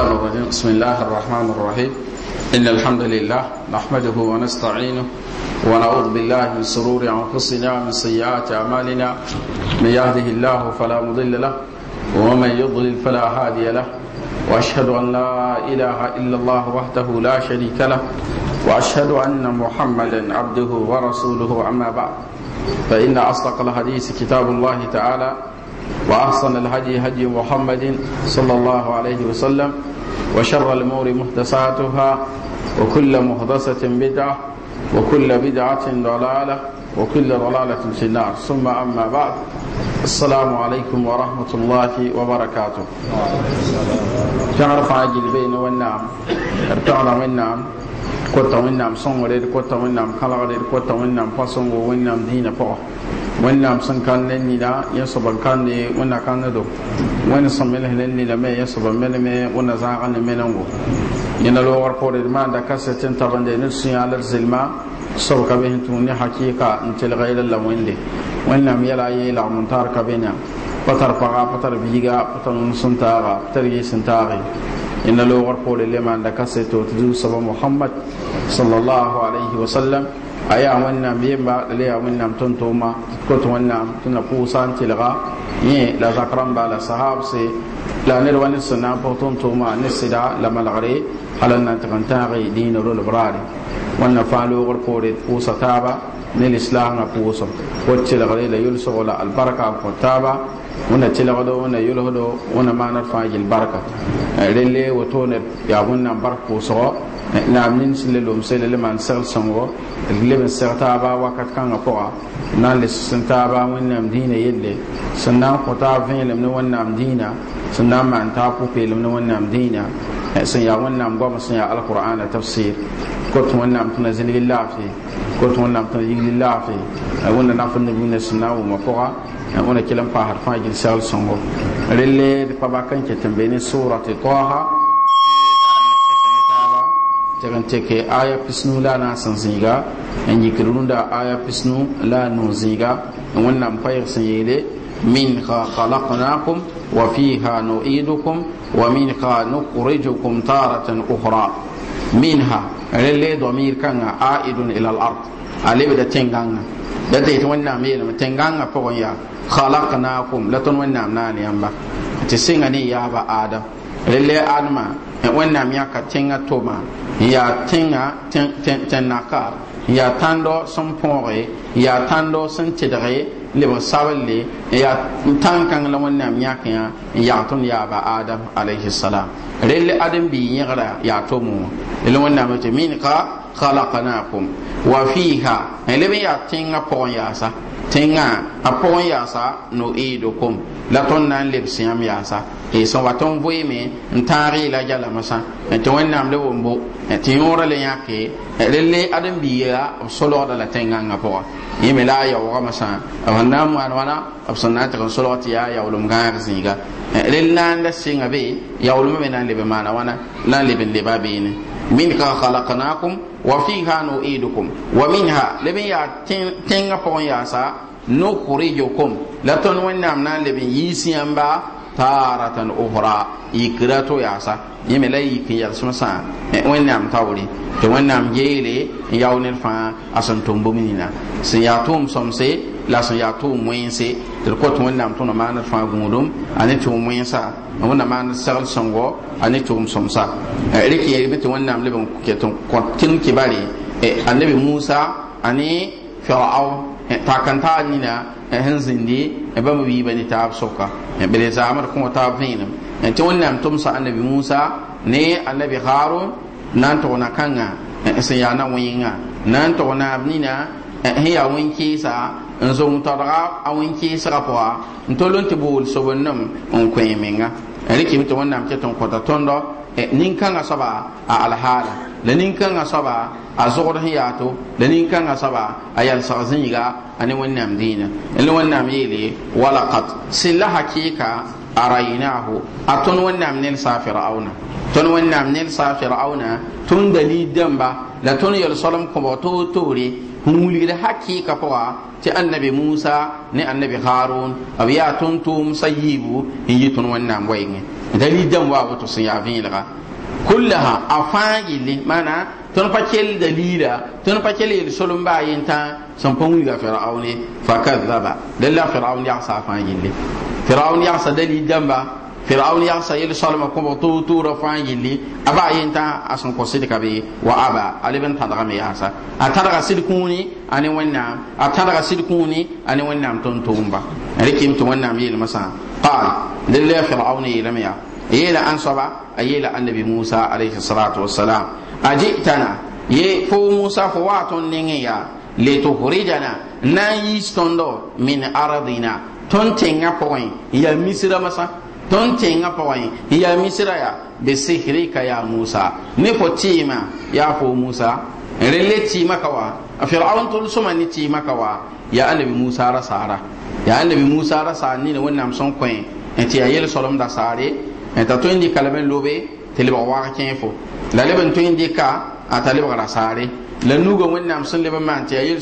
الرحمن الرحيم بسم الله الرحمن الرحيم إن الحمد لله نحمده ونستعينه ونعوذ بالله من سرور أنفسنا من سيئات أعمالنا من يهده الله فلا مضل له ومن يضلل فلا هادي له وأشهد أن لا إله إلا الله وحده لا شريك له وأشهد أن محمدا عبده ورسوله أما بعد فإن أصدق الحديث كتاب الله تعالى وأحسن الهدي هدي محمد صلى الله عليه وسلم وشر الأمور محدثاتها وكل محدثة بدعة وكل بدعة ضلالة وكل ضلالة في النار ثم أما بعد السلام عليكم ورحمة الله وبركاته تعرف عاجل بين والنعم ارتعنا والنعم كنت والنعم صنغ ليل كنت والنعم خلق ليل كنت والنعم فصنغ والنعم دين فوق wẽnnaam sun kan ne nina yẽ soab n kãnde wẽnna kãngdo wẽnd sẽn mels ne nina me yẽ soab n melme wẽnna zãag ne menengo yẽna loogr pʋʋre d maanda kaset n tabende ned sũ sun d zilma sau ka bihin n tũud ne hakɩɩka n telga yɛla la wẽnde wẽnnaam yɛla a yee lagm n taar ka bena pa tar paga pa tar biiga pa tar nũm sẽn taaga pa tar yɩɩ sẽn taage yẽna loogr pʋʋre le maanda kaseto tɩ zuu sallallahu alaihi wasallam Aya yaa biyan ba la la tuntuma wẽnnaam tʋm-tʋʋma tɩ kot wẽnnaam tɩ na pʋʋsa n kelga la zak rãmba la sahabse la ned wa ned na n ne sida la malgre ala n na n tɩg n tãage dĩinã rolb fa wẽnna fãa ko poore tɩ pʋʋsa taaba ne so ko kot kelgre la yʋlsgo la albarka n kõ taaba wẽnna tɩlgdo wẽnna yʋlsdo wẽnna maana d fãa gil barka relle woto ned ya wẽnnaam bark so naam nin sẽn le lomse la le maan segl sõngo d leb n seg taaba wakat kãngã pʋga na n le sẽn taaba wẽnnaam dĩinã yelle sẽn na n kõ taab vẽelem ne wẽnnaam dĩinã sẽn na n maan taab pʋ-peelem ne wẽnnaam dĩinã sẽn yaa wẽnnaam goamã sẽn yaa alqurana tabsɩɩr kot wẽnnaam tɩ na zĩlgi laafɩ kot wẽnnaam tɩ na yigli laafɩ wẽnna na fo nabiinã sẽn na n wʋma pʋga wẽna kell n paasd fãa gil segl sõngo rel d pa bak n ket n be ne sʋʋrat taha tɩg n tɩk aya pisnu la na n sẽn zĩiga n yikd rũndã aya pisnu la a nuu zĩiga wẽnnaam pa yɩg sẽn yeele منها خلقناكم وفيها نعيدكم ومنها نخرجكم تارة أخرى منها رلي ضمير كان عائد إلى الأرض أليبدا تنغانا da ta ita wannan mai ilimin tanganga fagon ya khalaqnakum latun wannan nan yamba ta singa ne ya ba adam rele alma e wẽnnaam yãka tẽngã toma n yaa tẽngã tẽn naka n tãndo sẽn põoge n tãndo sẽn tɩdge leb sablle n yaa kãng la wẽnnaam yãkẽ n yag tõnd yaaba adam rel e e e adam bi ya yẽgra yaa tʋm l wẽnnaam tɩ minka khalaqnakum wa fiiha leb n yaa tẽngã pʋgẽ yaasa tẽngã a ya sa no-eedokum la tõnd na n ya sa, yaasa sẽn wa tõnd vɩɩme n tãag yeela galamsã tɩ wẽnnaam la wombo tɩ yõorã le yãke rel ãdem-biiga b solgda la tẽngãngã pʋga yẽ me la a yaoogame sã b sẽn na n maan wãna b sẽn na n tɩg n solg ya yaa yaoolem gãag zĩiga rel nan la singa be yawul me nan lebe ma'ana wana nan lebe leba be ne min ka khalaqnakum wa fiha nu'idukum wa minha lebe ya tenga pon ya sa nukhrijukum la ton wannam nan lebe yisi amba taratan ukhra ikira to yasa me lai ki ya sun sa wẽnnaam taoore tɩ wẽnnaam yeele ya yao ni fãa a sẽn tʋm bũmb sun ya yaa som se la ya sẽn yaa tʋʋm wẽense tɩ na kot wẽnnaam tʋna maan d fãa gũudum a ne tʋʋm wẽensa wẽnna maan d segl sõngo a ne tʋʋm sõmsa e, rɩk yeelme tɩ wẽnnaam leb n ko n kõ tẽng kɩbare annabi musa ani ne firaun Eh, ta kan ta nina eh, hin zindi eh, ba mu bani ta soka bele zamar kuma ta vinam to wannan tumsa annabi Musa ne annabi Harun nan to na kanga sai ya na winga nan to na na he ya winki sa n zo tɔdga a wẽn kɩɩsga pʋga n tol n tɩ bool sobn nim n kõ menga rɩkɩm tɩ wẽnnaam ket ninkãngã soaba a alhaala la ninkãngã soaba a zogd sẽn yaato la ninkãngã soaba a yalsg zĩiga a ne wẽnnaam dĩinã la wẽnnaam yeele walakat sẽn la hakɩɩka a rayɩnaahu a tõnd wẽnnaam nelsaa firauna tõnd wẽnnaam nelsaa firauna tõnd dalil dãmba la tõnd yel-solem kõbg toor toore n wilgd hakɩɩka pʋga tɩ annabi musa ne annabi harun b yaa tõnd tʋʋm sayiibu n yɩ tõnd wẽnnaam wɛɩngẽ dalil dãmb wa woto sun yaa vẽelga kullaha a mana gilli maana pa kell dalila tun pa kell yel-solem baa yentã sẽn pa wilga Firauni fa kadaba dala Firauni yagsa a fãa gilli firaun yagsa dalil ba. فرعون يا سيل سلمى كم تو تو رفعان يلي أبا ينتا أسم قصيد كبي وأبا علي بن تدرى مياسا أتدرى سيلكوني أنا وين نام أتدرى سيلكوني أنا وين نام تون تومبا ركيم تون نام يل مسا قال لله فرعون يلم يا يلا أنصبا يلا النبي موسى عليه الصلاة والسلام أجئتنا يي فو موسى فواتون نينيا لتخرجنا نايس توندو من أرضنا تون تنغا بوين يا مصر مسا tõnd tẽngã pawai ya misira ya? yaa be ka ya musa ne fo tima ya fo musa rele tima le tɩɩmã ka wa firaun tʋl suma ne tɩɩmã ka wa Ya anabi musa rasara ya annabi anabi musa ra ne wannan wẽnnaam sẽn en n ayel solom da sare en t'a tõe n dɩka lobe tɩ lebg wag kẽ fo la leb n di ka. a t'a lebg la nugo wannan sẽn leb n maan tɩ yaa yel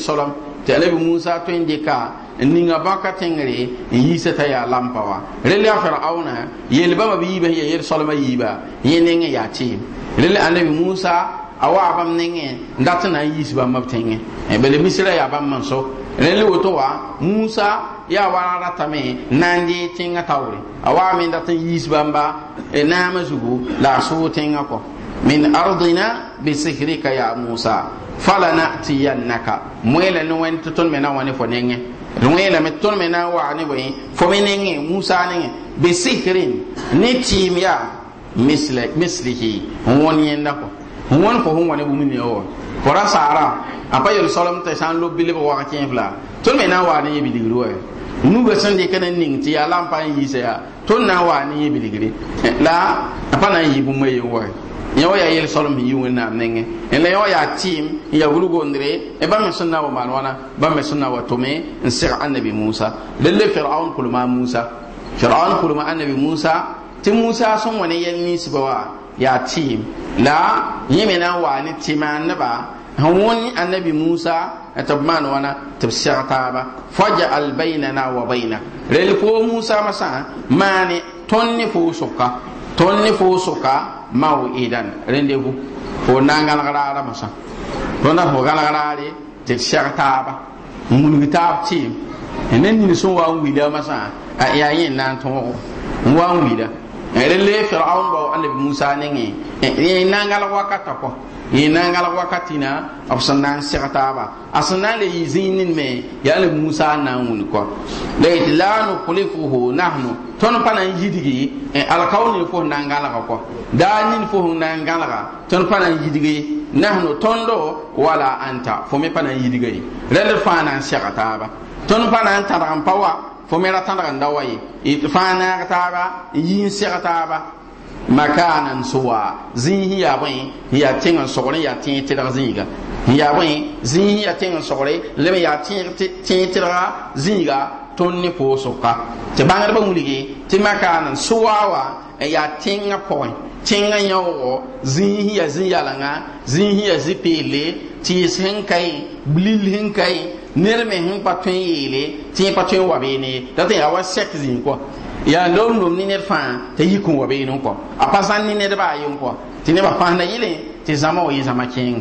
tɩ la bɩ musa tõe n dɩka n ninga bãka tẽngre n yiisa t'a ya lampa wa rel yaa firauna yel-bãmba bɩ yiiba sẽn yaa yel-soalmã yiiba yẽ neng ya yaa tɩɩm rel bi musa a waa bãmb nengẽ n dat n na n yiis bãmba b tẽngẽ e bala misra yaa bãmb man so rẽl woto wa musa yaa wara ta n na n dɩɩ tẽngã taoore a waa me n dat n yiis ma naamã zugu la a sʋʋg tẽngã kɔ min ardina bi sihrika ya musa fala na'tiyannaka mwela ni wen tutun mena wani fo nenge mwela me tutun mena wa ni bo fo nenge musa nenge bi sihrin ni timya misle mislihi en na ko woni ko hon wani bu min yo ko ra sara apa yo salam ta san lo bilib wa kin fla tutun mena wa ni bi digru nu nuga san de kana ning ti ya la yi pa n yiisa na wani waa bi yẽ la a na yi bu me yo wagẽ yẽ e wa yaa yel-soalem sẽn yi wẽnnaam nengẽ n la yẽ wa yaa tɩɩm n yaa wilgondre y bãmb me sẽn na wa maan wãna bãmb me sẽn na wa tʋme n seg annabi musa lele firaun kulma musa firaun kulma annabi musa tɩ musa sẽn wa ne yɛl ninsba wa yaa tɩɩm la yẽ me na n waa ne tɩ-maanneba sẽn wõn annabi musa e tɩ b maan wãna tɩ b seg taaba fajaal na wa baina rel poo musa masã maane tõnd ne foo sʋka tõnd ne foo sʋka maw'idan rendez-vous fo nangal garara masa tona fo galgarare te shar taba mun tab ti enen ni so wa wida masa a ya yin nan to wa wida e rele fir'aun ba annabi musa ne ne e, e, nangal wakata ko yẽ na n ralg wakati na b sẽn na n seg taaba a sẽn na n le yɩ zĩig nin me yaa la musa n na n wing kɔ la yetɩ la nuklifhu nahnu tõnd pa na n yidgi alkaol nin fo sẽn na n gãlga kɔ daa nin fo sẽn na n gãlga tõnd pa na n yidge nahnu tõndo wala anta fo me pa na n yidga ye rẽd fãa na n seg taaba tõnd pa na n tãdg n pa wa fo me ra tãdg n da wa ye fãa naag taaba n yɩ n seg taaba makanan suwa zihi ya bai ya tinga sokore ya sogr tira ziga ya bai zihi ya tinga sokore le ya tẽng n sogre leb n yaa tẽeg tɩdga zĩiga tõnd ne pʋʋsga tɩ bãngdbã wa ya tinga tẽngã tinga tẽngã zihi ya ziya langa zihi ya yaa ti sen kai blil sẽn kai nirme blill sẽn ka ti ned me sẽn pa tõe wa beene datɩ yaa ya lom lom ni fa fãa t'a yi kũ wa beene n kɔ a pa zãn ni ko ti ne ba fa na yi le ti zama wa yi zama king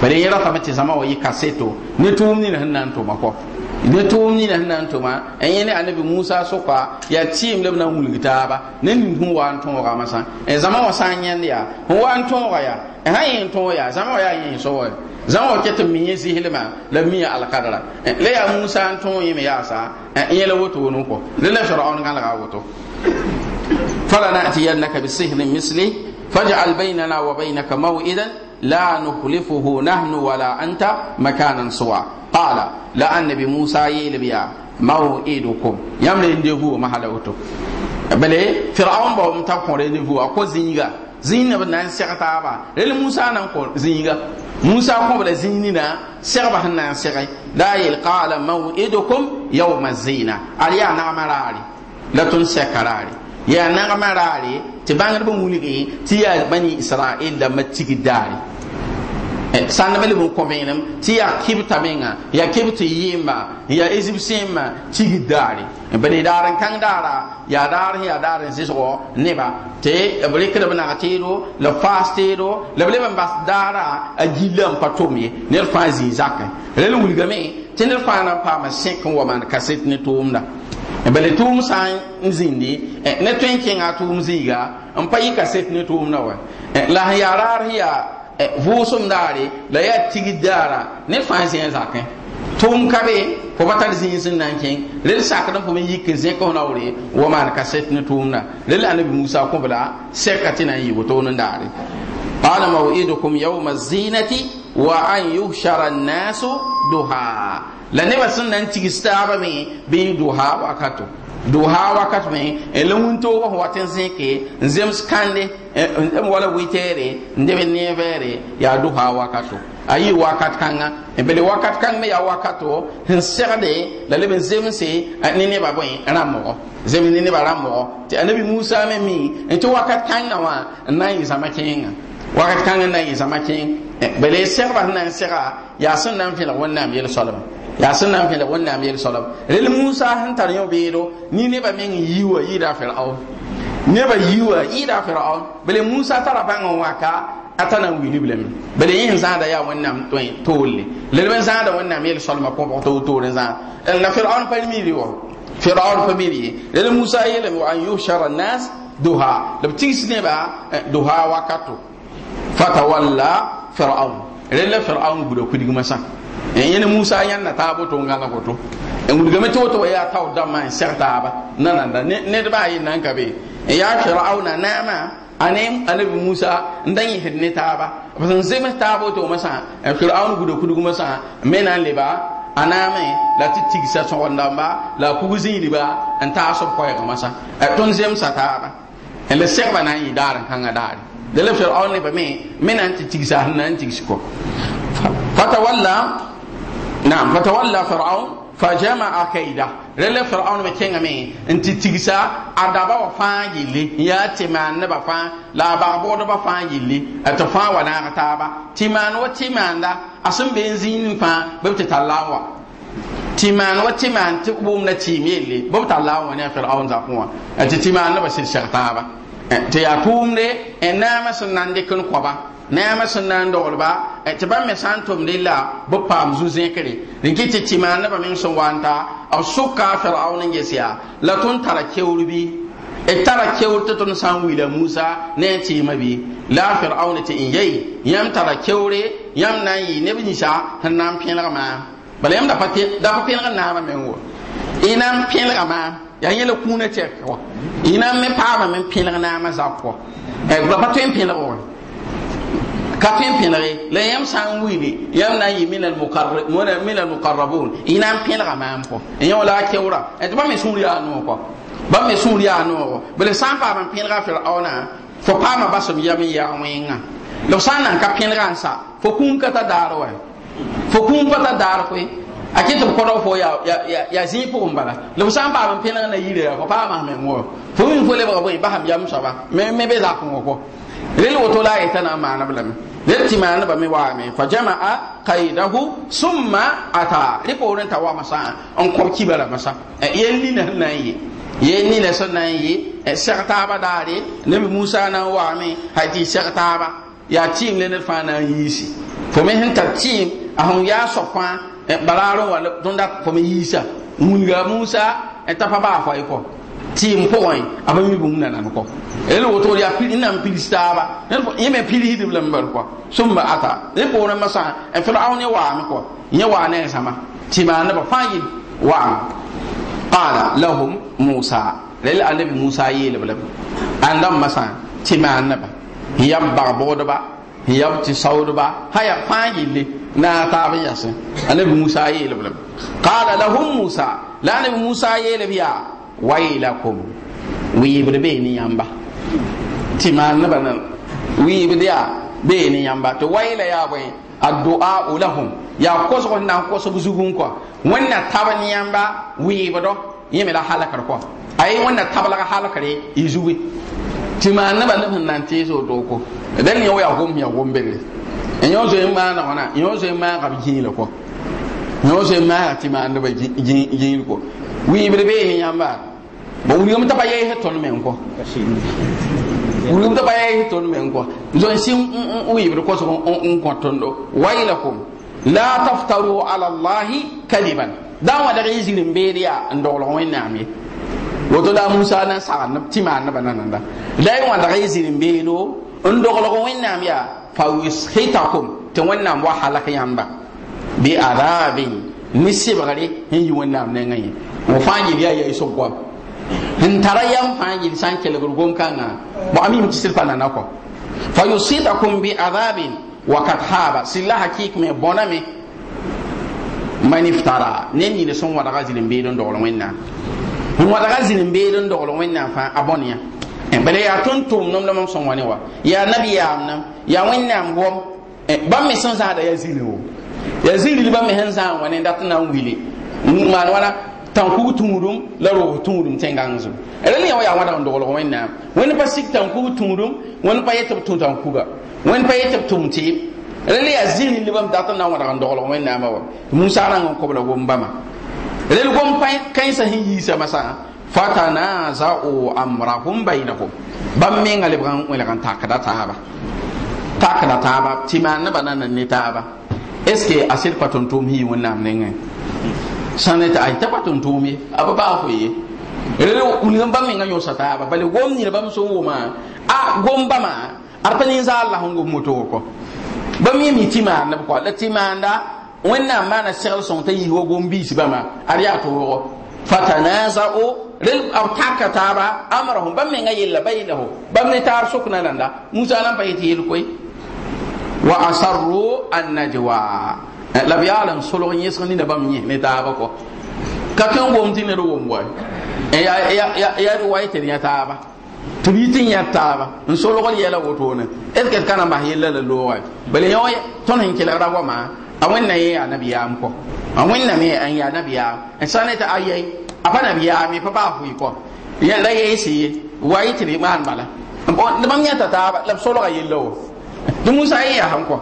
bare yẽ ratame ti zama wa yi kaseto ne tu ni ne nan to ma ko ne tu ni ne na to ma en yi ne anabi musa ka ya tim le na ni ta ba. ne ni sẽn wa n tõogame masa zãma zama wa n yẽnd yaa sẽn wa n tõoga yaa sã yẽ n tõog ya zama wa yi so wa zan wa kete mi yin zihilima da mi yin alakadara eh, ya musa an tun yi mi ya sa eh, in yi la wato wani ko le la shara on gana ka wato fala na ati yan naka bisihin misli faja albaina na wa bai na ka mawu idan la nukhlifuhu nahnu wala anta makanan suwa qala la bi musa yi libya mawu idukum yamle inde hu mahala wato bale fir'aun ba wa ta kore inde a ko zinga zĩig b na n sɛg taaba rel musa na n kõ zĩiga musa kõbla zĩig na sɛgba sẽn na n sɛge la a yel qaala mawidcum yauma zina ad yaa nagma raare la tõnd sɛka raare yaa nagma raare tɩ bãngdb wilge tɩ yaa bani israɩl dãmbã tigi daare sãnema le bõn kõ bẽenem ya kibita kɩbta ya kibita yimba, ya yɩɩmba n daari. ezib-sẽemã eh, kan daare bd daara yaa daar sẽn yaa daar n zɩsgɔ neba tɩ b rɩkd b nag teedo la b faas teedo la b leb n daara a gilla n pa tʋm ye ned fãa zĩig zakẽ rel wilgame tɩ ned fãa na n paama sẽk n wa maan kaset ne tʋʋmda eh, bale tʋʋm sã n zĩndi eh, ne tõe n kẽnga a tʋʋm zĩiga n pa yɩ kaset ne tʋʋmda wa la ya yaa raar Eh, vʋʋsem daare la yaa tig daara ne fãa zẽ zakẽ tʋʋm ka be fo pa tar zĩig sẽn na n kẽng rel sakd n fo me yik zẽk f naoore wa maan kaset ne tʋʋmda rel anabi musa kõbla sɛka tɩ nan n yɩ wotoon n daare qala mawidkum yauma zinati wa an yuhshara annaasu duha la nebã sẽn na tigs taaba me bɩ duha wakato duha wakat me ele to wa watin zinke zems skande ndem wala witere ndem e nevere ya duha wakato ayi wakat kanga e bele wakat kanga ya wakato nserde la le zemse ni ne ba boy e, ramo zem e ni ne ba ramo ti anabi musa me mi to wakat kanga wa nayi zama kenga wakat kanga nayi zama kenga bele serba nan sera ya sun nan fil wannan yel salama ya sẽn na n pẽlg wẽnnaam yel-soalb rel musa sẽn tar yõ beedo ni ne ba min yi wa yi yɩɩda firaun ba yi wa yi yɩɩda firaun bele musa tara bãng waka, a ta na n wilib lame bele yẽ n zãada yaa wẽnnaam toolle lel b n zãada wẽnnaam yel-soalmã põbg tog toor n zãa la firaun pa miiri wa firaun pa miiri ye rel musa yeelame wa an shara nas, duha la b tigs nebã eh, duha wakato fatawalla firaun rel la firaun buda kuma san. en yene musa yan na tabo to ngana ko to en wul game to to ya taw da man serta ba nan nan ne da ba yin nan kabe ya fir'auna nama anem anabi musa ndan yi ne taba ba san zema tabo to masa en fir'auna gudu kudu masa menan ba aname la gisa so wanda ba la a kug zĩiriba n taa sb koɛɛgã ton tõnd sa ta ba en e le n nan yi dar kan ga dar firaun le me ba me tɩ tigsa sẽn na n tigs kɔ fatawalla Nam ba ta wali la faru a ka yi da, rin ba cewa me, nti cikin sa a da ba wa fanga yi li yaya cimane ne ba fanga, labaru bɔ du ba fanga yi a ti fanga wa nama ta ba, cimane wa cimane da a sun bazi ni fanga babu ta talawa, cimane wa cimane tu kun na cim ya yi li, babu talawa ne a faru a un za kuwa, a ti cimane ne basiri ba, a tu eh, yan kun de ina suna ne kun kɔba. nema sẽn na n doglba tɩ bãmb me sã n tʋmd la b paam zu-zẽkre n kɩ tɩ tɩmaan nebã meng sẽn wa ta b sʋka firaun n ges yaa la tara keoor bɩ d tara keoor tɩ tõnd sã n wila musa ne n tɩɩmã bɩ la firaun tɩ n yei yãmb tara keoore yãmb na n yɩɩ neb ninsã sẽn na n pẽlg maam bala yãmb da pa pẽlg n naamã meng wo y na n pẽlga maam yaa yẽ la kũunã tɛk wa y e na me paama me pẽlg naamã zab pʋa pa tõe n pẽlg wã kafin fẽn pẽlge la yãmb sã wili yãmb na n yɩ mina almuqarrabun y maam kɔ n yẽ la a keoora tɩ e ba me sũur yaa ba me sũur yaa noogo bele sã n paam n pẽlga fir'aona fo paama basem yam n yaa wẽngã na ka sa fo ka ta daar wa fo kũum ta daar koe a kɩ ya ya kõdg fo yaa bala la b sã n paam n na yire fo paama me wõ fo wing fo ba bõe basam yam soaba me be zakẽ wã kɔ rel woto la ita na maana blame rel ti maana ba me wa me fa jamaa qaidahu summa ata riko ren ta wa masa on ko kibara masa e, yelli na na yi yelli na so na yi e, sarta ba dare nabi musa na wa me haji sarta ba ya tim le ne fa na si fo mi hin ta tim ahun ya so kwa e, balaro wa don da fo me yisa mun ga musa ta fa ba fa iko tɩɩm pʋgẽ a ba mi bũmb nana kɔ rel wotr yaa n nan pilis taaba yẽ me pilisdb la n bal kɔ sũmba ata ne pʋgrẽ masã n firaun ne waame kɔ yẽ waa ne zãma tɩ maa nebã fãa yɩ waam qala lahum musa rel anabi musa yeelb la ãn dãmb masã tɩ maan nebã n yab bag bʋgdba n yab tɩ saoodba sã yaa fãa yelle na taab n yasẽ anabi musa yeelb la qala lahum musa la anabi musa yeelb yaa wailakum wiibd bee ne yãmba tɩ maan nebã nan wiibd yaa bee ne yãmba tɩ waila yaa bõe addu'a'u lahum yaa kosg n na n kosb zugu n kɔa wẽnna tab ne yãmba wiibdɔ yẽ me la halkr kɔa a ye wẽnna tablg halkre y zuge tɩ maan nebã neb sẽn na n teese wotooko dẽn yẽ wa yaa gom yaa gom-belge yõ zoe n maana wãna yõ zoe n maagb gĩila kɔ yõ zoe n maaga tɩ maan nebã gĩil kɔ wiibr beene yãmba ba wilgame t'a pa yɛɛsɛ tõnd me n kɔ wilgame t'a pa yɛɛsɛ tõnd me n kɔ zõn sẽn n wiibr kosg n kõ tõndo waylakum la taftaru ala allahi kaliban dãn wa dag y zir n beed yaa n doglg wẽnnaam ye woto la musa na sagd n tɩ maan nebã nananda la y wãdg y zir n beedo n doglg wẽnnaam yaa fa yushitakum tɩ wẽnnaam wa halak yãmba bi adabin ni sɩbgre n yi wẽnnaam nengã ye fo fãa yi yaa yaa sg goam n tara yam fãa yel sã n kelgr gom-kãngã bõa mim tɩ sɩd pa nana kɔ fa yusidakum bi adabin wa kad haaba sɩd la me bõname man iftara ne ni ne wãdga zĩr n beed don dogl wẽnnaam n wãdga zĩr n don n dogl fa a bõn ya. bala yaa tõnd tʋʋmdem dãmb sẽn wa Ya nabi ya nabiyaamdam Ya wẽnnaam gom bãmb mi sẽn zãada da Ya wo yaa zĩri bãmb me sẽn zã n wa ne na tanku kug la ro tũudum tẽngãng zu rel yã wa yaa wãdg n doglg wẽnnaam pa sik tanku kug tũudum pa yetɩ b tanku ga kuga pa yetɩ b tʋm teem rel yaa zĩr nẽ bãmb dat n na n wãdg n doglg wẽnnaamã wa musa rãng n kobla gom bãmba rel gom pa kãensã sẽn yiisa masã fatanazao amrahum bainahum bãmb menga lebg n welg n takda taaba takada taaba tɩ maan nebã na nan ne taaba est ce que a sɩd pa tʋm-tʋʋm sẽn yi wẽnnaam sãn ne ta ay t'a pa tʋm tʋʋme a pa baag ko ye rel wilgn bãmb mengã yõsa taaba bala gom nina bãmb sẽn wʋma a gom bãmba ma pa ninsaal la sẽn gom moto ko ba mi mi tɩ maand b kɔ la tɩ maanda ma na segl son t'a yiisgo gom biis bãmba ad yaa tʋʋgo fatanazao rel ab taka taba amrahum bam menga yilla bainahu bam ne tar sukna landa musa lan pa yiti yel koy wa asarru an najwa Eh, la b yaa lan solg yẽsg nina bãmb yẽs ne taaba kɔ ka kẽ n gom tɩ ned wʋm wa ya d wa y tɩ d yã taaba tɩ b yɩ tɩ n yã taaba n solgd yɛla wotone est ce ka na n bas yella la looga bala yã wa tõnd sẽn kelgra wa a wẽnna yẽ yaa nabiyaam kɔ a wẽnname n yaa nabiyaam n sã ne tɩ ayɛy a pa nabiyaame pa baa fʋɩ kɔ ra yɛɛsɩ ye wa yɩ tɩ d maan bala bãmb yãta taaba la b solga yella wo tɩ musa yẽ yaa kɔ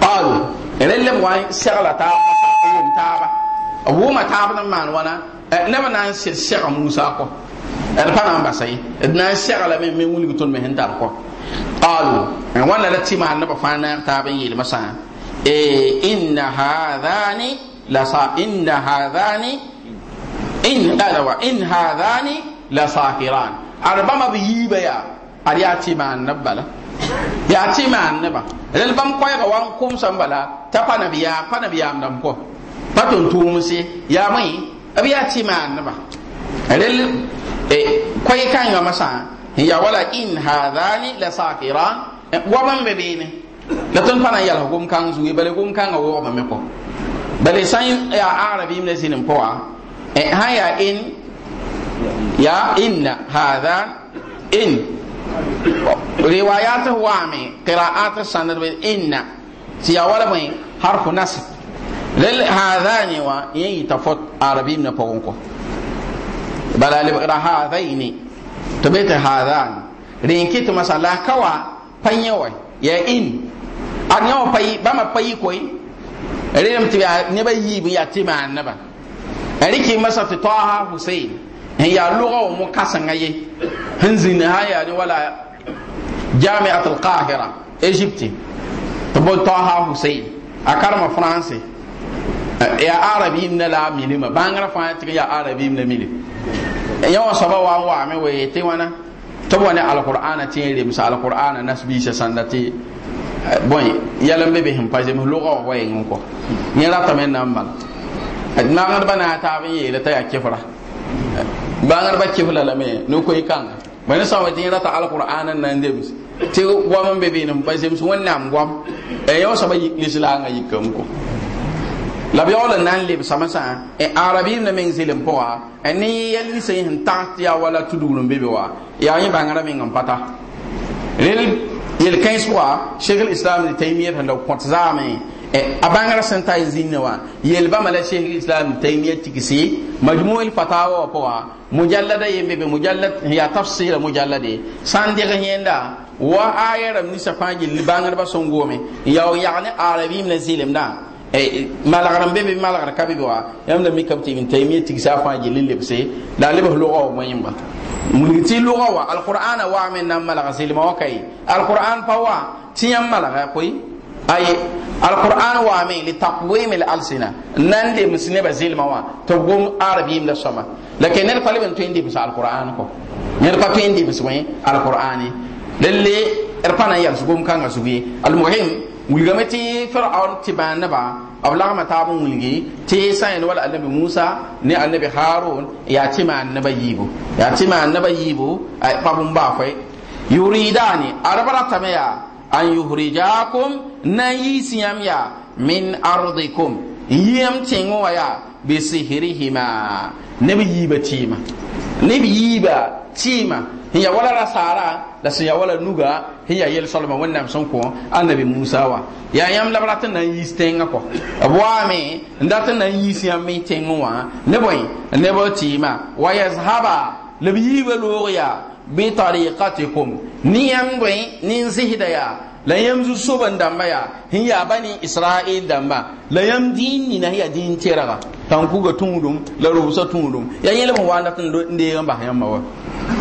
qaalo rel b wa segla taab yem taaba wʋʋma taab n maan wãna neb na n sɩd segem musa kɔ d pa na n basa ye d na n segla me me wilg tʋnd me sẽn tar kɔ qaalu wãna la tɩ maan nebã fãa naag taab n yeelmã sã ina hadani la ina hadani in wa in la sakiran ad bãmb b yiiba yaa ad yaa tɩ maan neb bala ya ti an ne ba rel bam ko ga wan kum bala ta pa nabiya pa nabiya dam ko patun musi ya mai abiya ti an ne ba rel e ko kan ga masa ya wala in hadani la sakira e, wa man be bine la ton pana yala gum kan zu e, bale gum kan ga wo ma me ko bale san ya arabi ne sinin poa e ha ya in ya inna hadha in riwayat waame qira'at sanad bil inna ti ya wala mai harfu nasb lil hadani wa yayi tafot arabi na fagon ko bala li qira hadaini to beta hadan rinki to masala kawa panyawa ya in an yawa payi ba ma payi koy rinam ti ne ba yi bi ya masa fi taha n yaa lʋga wã kãsenga ye sẽn zĩnd sã n yaa ne wala jamiat alqahira egypte tɩ bõe taha husain a karema france yaa arab yĩmdã la a milema bãngrã fãa tɩg yaa arab yĩmdã mile yã wã soaba wa n waame wee tɩ wãna tɩ b wa ne alqurana tɩ n remsa alqurana nasbiisa sãnda tɩ eh, bõe yɛl n be wa kɔ eh, na t'a yaa kefra bangar ba kibla lame no ko ba bani sa wajin rata alqur'anan nan dems ti waman be binin ba dems wannan gwam e yo sa ba lisla nga yikam ko la bi wala nan le sama sa e arabi na men zilim po wa e ni yelli sai hin tant ya wala tudulum be be wa ya yi bangar men ngam pata rel yel kainswa shekul islam ni taymiyah handa kwat zame Eh, a bãngr sẽn tar zĩnnẽ wã yel-bãmba la sheikh islam taimia tigsi majmuu lfatawa wã pʋgã mujallada yembe be mujallad ya yaa tafsira mujallade sã n deg yẽnda wa aya rãmb ninsã fãa gill bãngdbã sẽn goome n yaoo yag ne arabɩɩm la zɩlemdã eh, malgr n be be malgr ka be wa yãmb la mikam tɩ ibn taimia tigsa fãa gill n lebse la lebs lʋga wã bõe yẽmba ti lʋga wa alqur'ana waame n na n malg zɩlma wã kaye alqur'an pa wa tɩ yãmb malga koy أي القرآن وامي لتقويم الألسنة نندي مسنة بزيل موا تقوم عربي من السماء لكن نرفع لبن تويندي بس القرآن كو نرفع تويندي بس وين القرآن للي إرفعنا يا سقوم كان غزوي المهم ولغمتي فرعون تبان نبا أو لغم تابون ولغي تيسان ولا النبي موسى ني النبي هارون يا تيمان نبا ييبو يا تيمان نبا ييبو أي بابون بافي يريداني أربرا تميا أن يخرجاكم na yi siyam ya min ardikum yiyam tingo wa ya bi sihirihima ne bi yiba tima ne bi yiba tima hiya wala rasara la ya wala nuga hiya yel solma wannan son ko annabi musa wa ya yam labrata na yi stenga ko abwa me ndata na yi siyam mi tingo wa ne boy ne bo tima wa yazhaba le bi yiba ya, bi tariqatikum niyam boy nin sihida ya la yãmb zu-soaba n bani Isra'il damba La ba ne israɩl dãmba la yãmb dĩin nina sẽn yaa dĩin tɛrga tãn kuga tũudum la rʋbsa tũudum yaa yẽlb n waan dat n deeg n bas yãmbã wa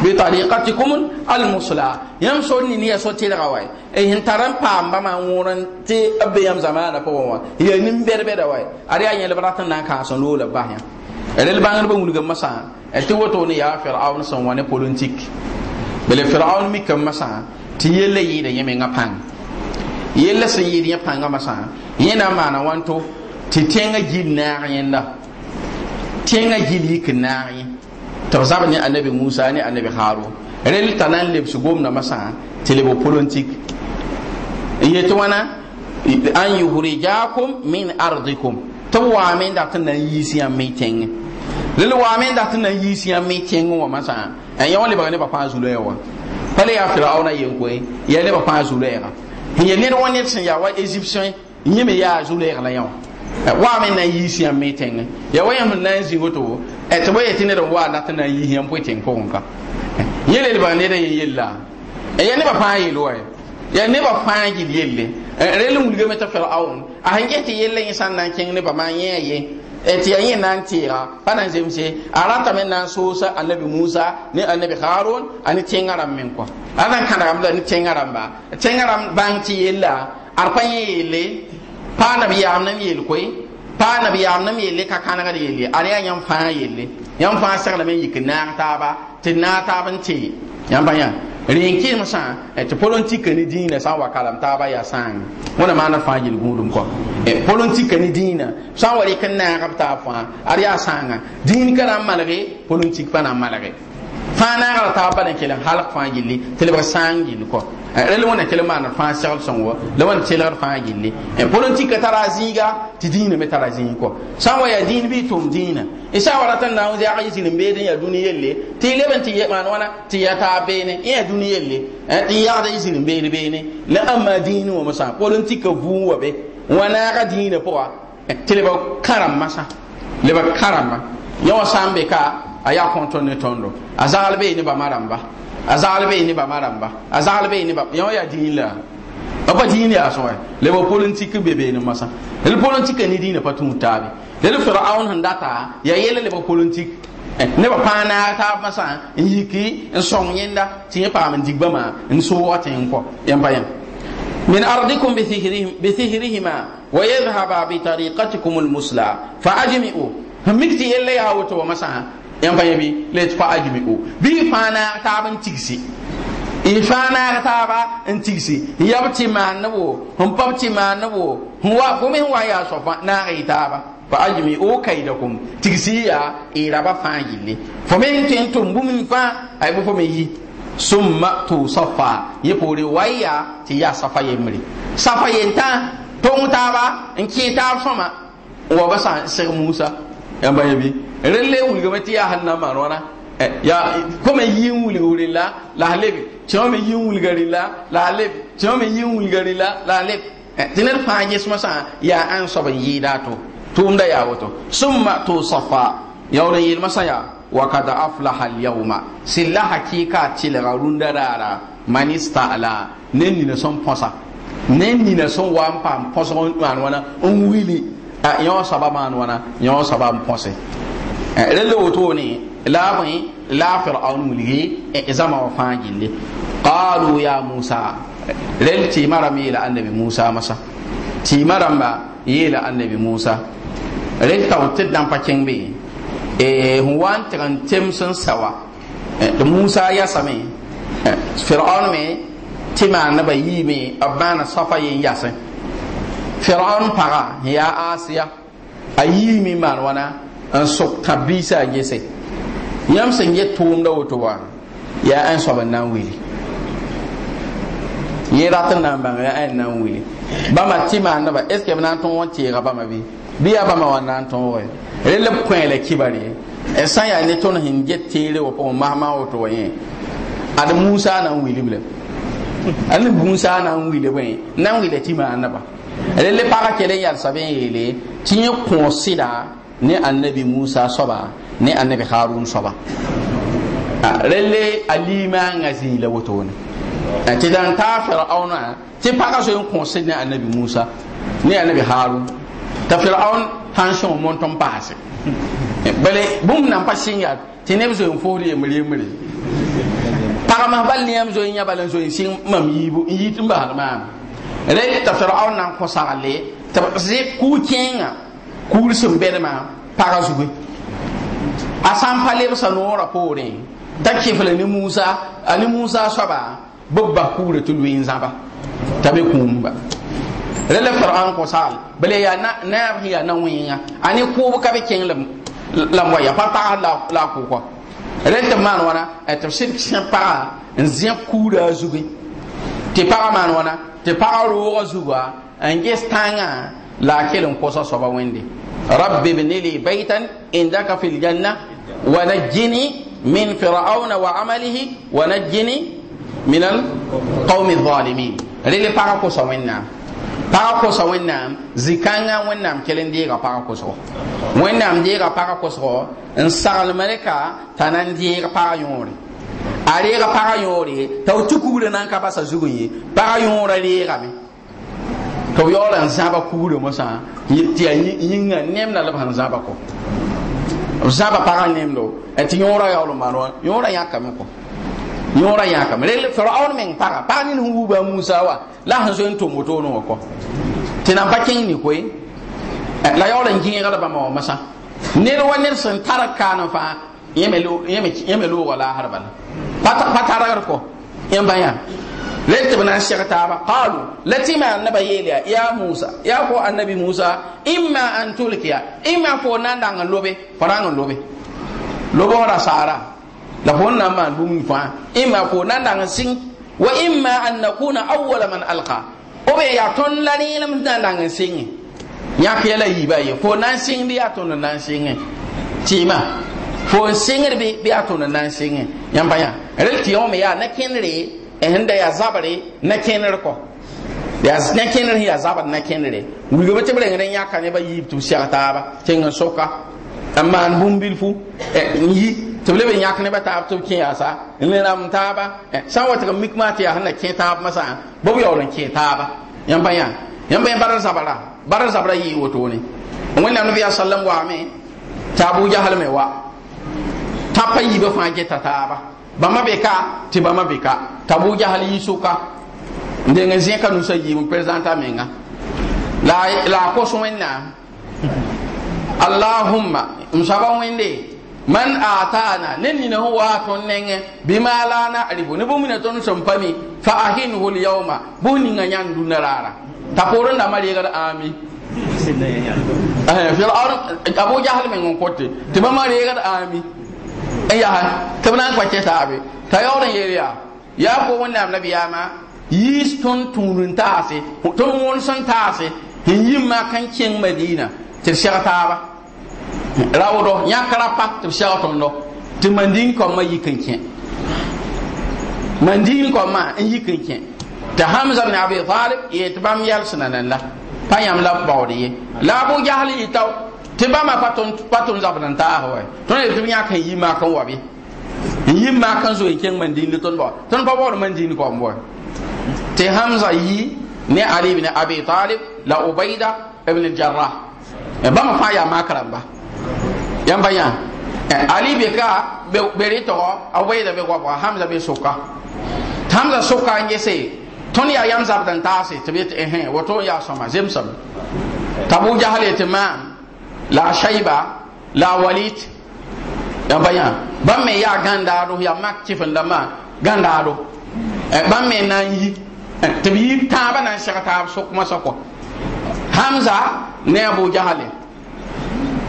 bitariqatikum almusla yãmb sod nin yaa so-tɩrga wa sẽn tar n paamba maa wõor e n tɩ b be yãmb zamaanã pʋgẽ wa yaa nin-bɛd-bɛda wa ad yaa yẽlb rat n na n kãas n loola bas yã rel bãngdbã wilgm masã tɩ woto ni ya firaun san wa ne bele firaun kam masa ti yella yɩɩda yẽ menga pãng yella se yɩɩd yẽ pãngã masã yẽ na n maana wan to tɩ tẽngã gil naag yẽnda tẽngã gil yik n naag yẽ tɩ b zab ne anabi musa ne anabi haron rel t'a na n lebs gomda masã tɩ leb politik n to wana an yuhrijakum min ardikum to wa min da dat n na n yiis yãmb me tẽngẽ rel waame n dat n na n yiis yãmb me tẽngẽ wã ba n yã wã lebga pale ya firauna ya le ba pa zulera hiye ne ne tsin ya wa egyptian yi me ya la wa me na yi si meeting ya wa na zi goto e to boye da wa na yi poitin ko ba ne da yin e ya ne ba yi lo ya ne ba yi e firaun a hanje ti yelle nan kin ne ba ma ti yin nan tira ana zemse arata men nan sosa annabi Musa ni annabi Harun ani tengaram men ko adan kana ram da ni tengaram ba tengaram ban ti yella arpanye yelle pa nabi ya amna yelle koy pa nabi ya amna yelle ka kana ga yelle ani yan fa yelle yan fa sagla men yikna na ta ba tinna na ta ban ti yan ban ya ren kɩɩmsã tɩ politika ne dĩinã sã n wa kalem taaba yaa sãnge wẽna maana fãa yel gũudum kɔ eh, politika ne dĩinã sã n wa rɩk n naag b taab fãa ad yaa sãnga dĩin ka na n malge politik pa na n malge fãa naagr taab bala n kell n halg fãa gilli tɩ lebg sãn gill kɔ rel wẽnna kell n maanr fãa segl sõng wa la wẽnd kelgd fãa gilli politika tara a zĩiga tɩ dĩinã me tara zĩig kɔ sã n wa yaa dĩin bɩ y tʋm dĩinã y sã n wa rat n na n zɛg yɩ zĩr beed n yaa dũni yelle tɩ y leb n tɩ maan wãna tɩ ya taa beene n yaa dũni yelle tɩ y yagda y zĩr beed beene la ãmmaa dĩin wã mosã politika vũu wa be wã naaga dĩinã pʋga tɩ lebg kãrem masã lebg kãrema yã wã sã n be ka a yaa kõn ne tõndo a zagl bee ne bãmba rãmba a zagl bee ne bãmba rãmba a ne ba ya la a pa dĩin yaa sõɛ la politik n be beene masa d politika ni dĩinã pa tũud taabe lel firaun da data ya yella la ba politik nebã pãa naag taab masã n yiki n sõng yẽnda tɩ yẽ paam n dig n n kɔ yãm pa yãmb من أرضكم بسهرهم بسهرهما بطريقتكم المسلى فأجمعوا هم مكتي إلا يا وتو yãmb pa yẽme la tɩ fa ajmi'u bɩ y fãa naag taab n tigsi y fãa naag taaba n tigsi n yab tɩ maan ne wo n pab tɩ maan ne wo n wa fo me sẽn wa n yaa ba naag y taaba fa ajmi'u kaydakum tigsi yaa y raba fãa gilli fo me n tõe n tʋm bũmb ning fãa ay bɩ fo me yi summa tu safa ye pore ya ti ya safa ye mri safa ye ta tong ba en ki ta fama wa basa sir musa yamba yabi rele wulga mati ya hanna marona eh, ya kuma yin wulga wurilla la halebi chama yin wulga rilla la halebi chama yin wulga rilla la halebi eh, tinar fa yesma sa ya an yi soba yidato tumda ya wato summa to safa yawna yil masaya wa kad aflaha al yawma silla hakika tilga rundarara manista ala nenni na son posa nenni na son wa pam posa wan wana on wili yõ saba maan wãna yõ saba n põse rel woto ne la bõe la firaun wilge zãma wã fãa gilli qalu ya musa rel tɩɩmã rãmb yeela annabi musa masã tɩɩmã rãmba yeela annabi musa rel t'a tɩ dãmpa kẽngbe sẽn wa n tɩg n tems n sa wa tɩ musa yasame firaun me tɩ maaneba yiime b maana safa yen yasẽ firaun paga ya asiya a yi mi man wana n sok tabisa gese yãmb sẽn get tʋʋmda woto wã yaa ya soab n na wili ye ratan nan na ya an nan wili ba ma ti ma na ba, est ce ton won ti ga ba ma bi bi ya ba ma wã na ton wo rel le kõe la kibar ye san ya yaa ne ton hin get teere wã pʋgẽ ma woto wã ye ad musa na wili wilb la ad musa wili n nan wili ti ma na ba. rẽlle pagã kell n yalsa bn yeele tɩ yẽ kõo sɩda ne annabi musa soaba ne annabi harun soaba rẽlle ah, a liimãngã zĩig la wotone ah, tɩ dan ta firaunã tɩ pagã zoe n kõo sɩd ne annabi musa ne annabi harun t'a firaun sãn sõg mon tõnd paase bale bũmb na n pa sɩnga tɩ neb zoe n fosd yem rembre pagã mas bal ne yãmb zoe yã bala n zoe n sɩng mam yiibu n ba n basd maame rẽ t'a firaun na n kõ sagle tɩ zɩ kuu-kẽengã kuur sẽn bɛdmã pagã zugu a sã n pa noorã poorẽ t'a kɩfla ne musa a ne musa soaba b bas kuurã tɩ lʋɩ zãba t'a be kũumba rẽ la firaun kõ sagl bala yaa naab sẽn yaa na-wẽngã a ne kʋʋb ka be kẽng la n wa ya pa tagsd la a kʋkɔ rẽ tɩ b maan wãna tɩ b sɩd sẽn pagã n kuurã a tɩ pagã maan wãna tɩ pagã roogã zugã n ges tãngã la a kell n kosa soaba wẽnde rabbi bni li baitan indaka fi ljanna wa najjini min firauna wa amalihi wa najjini min alqaumi alzalimin rel pagã kosa wẽnnaam pagã kosa wẽnnaam zi-kãngã wẽnnaam kell n deega pagã kosgo wẽnnaam deega pagã kosgo n saglem reka t'a na n deeg pagã yõore a reega pagã yõore t'a na n ka basa zugẽ ye pagã yõorã reegame tɩ b yaoolã n zãba kugrã mosã tɩ yaa yĩnga nemda la sãn zãba kɔ b zãba pagã nemdo tɩ yõorã yaool n maan wã yõorã yãkame kɔ yõorã yãkame rel firaun meng pagã nin sẽn musa wa la sẽn n tʋm wã kɔ tɩ na pa kẽng ni koe la yaoolã n bãmba wã ned wa ned sẽn tar fãa loogã pata taragr ko yan bayan lati bana tɩ b na n seg taaba qaalu la ya musa ya ko annabi musa imma an tulkiya imma ko na n lobe faran dang lobe lobo ra sara la fo nan ma dum fa imma ko na n dang wa imma an nakuna awwala man alqa o be yaa tõnd la nan sẽn na n dang n sɩngẽ yãk ye ko nan n sɩngd yaa tõnd n na n sɩngẽ fo n bi bɩ bɩ nan tʋmd yan baya n sɩngẽ yãmba na rel tɩ yãwame yaa nakẽnre sẽn da yaa zabre ya kɔ nakẽnr sẽn yaa zabd nakẽnre wilgame tɩ b rengd ya ka ne ba yi tu sɛg taaba ba tinga soka n maan bũmb-bil fu n yi ne ba ta to ke ya sa tɩ na kẽ yaasa n sa wata taaba mikma ti ya na mik ta ba masa bo na yawon ke ta ba yan baya yan taaba yãmba zabara yãmba zabara yi wato ne wannan nabi sallallahu alaihi wa sallam waame tɩ abu jahal me wa ta pa yiba fãa ba taaba ma be ka ba ma be ka tabu nde yi zin ka nu sa yi mu presenta me nga la a kos wẽnnaam allahumma n soaba de man atana ne na hu wa ton nenge bima la na alibu ne bumina ton son pami fa ahinhu al yawma ni nga du narara taporon da mari ga ami eh fil ar abu jahal men ngokote tiba mari ga ami n yaa tɩ b na n kpa kẽ taabe t'a yaoor n yeel yaa yaa ko wẽnnaam nabiyaamã yiis tõnd tũud n taase tõnd wõns n taase n yĩmma kãn kẽng madiinã tɩ d seg taaba raoodo yãk ra pak tɩ b seg tõndo tɩ mandiin kɔmã yik n kẽ mandin kɔmã n yik n kẽ tɩ hamza bn abi talib yee tɩ bãmb yɛls nanãn la pa yãmb la b baood ye la abu jahl yɩ tao tɩ bãmba e e pa tʋm zabd n taasɛ wa tõnd yetɩ b yãk n yi maak n wa bɩ n yi maak n zoe n kẽng mandiinli tõnd ba tõnd pa baood mandiin paam wa tɩ hamza yi ne ali ibn abi talib la ubaida ibn jarrah bãmba e fãa yaa maak rãmba yãmb pa yã ali be ka be rɩ tɔgɔ ubaida be goaba hamza be soka tɩ hamza soka n gese tõnd yaa yãmb zabd n taase tɩ b yetɩ ẽhẽ eh, eh, woto n yaa sõma zemsame t'a bu jahale yetɩ maam la shaiba la walit ya baya ban me ya ganda do ya mak cifin da ma ganda do eh, ban me na yi eh, tabi ta ba nan shaka ta so kuma sako hamza ne abu jahale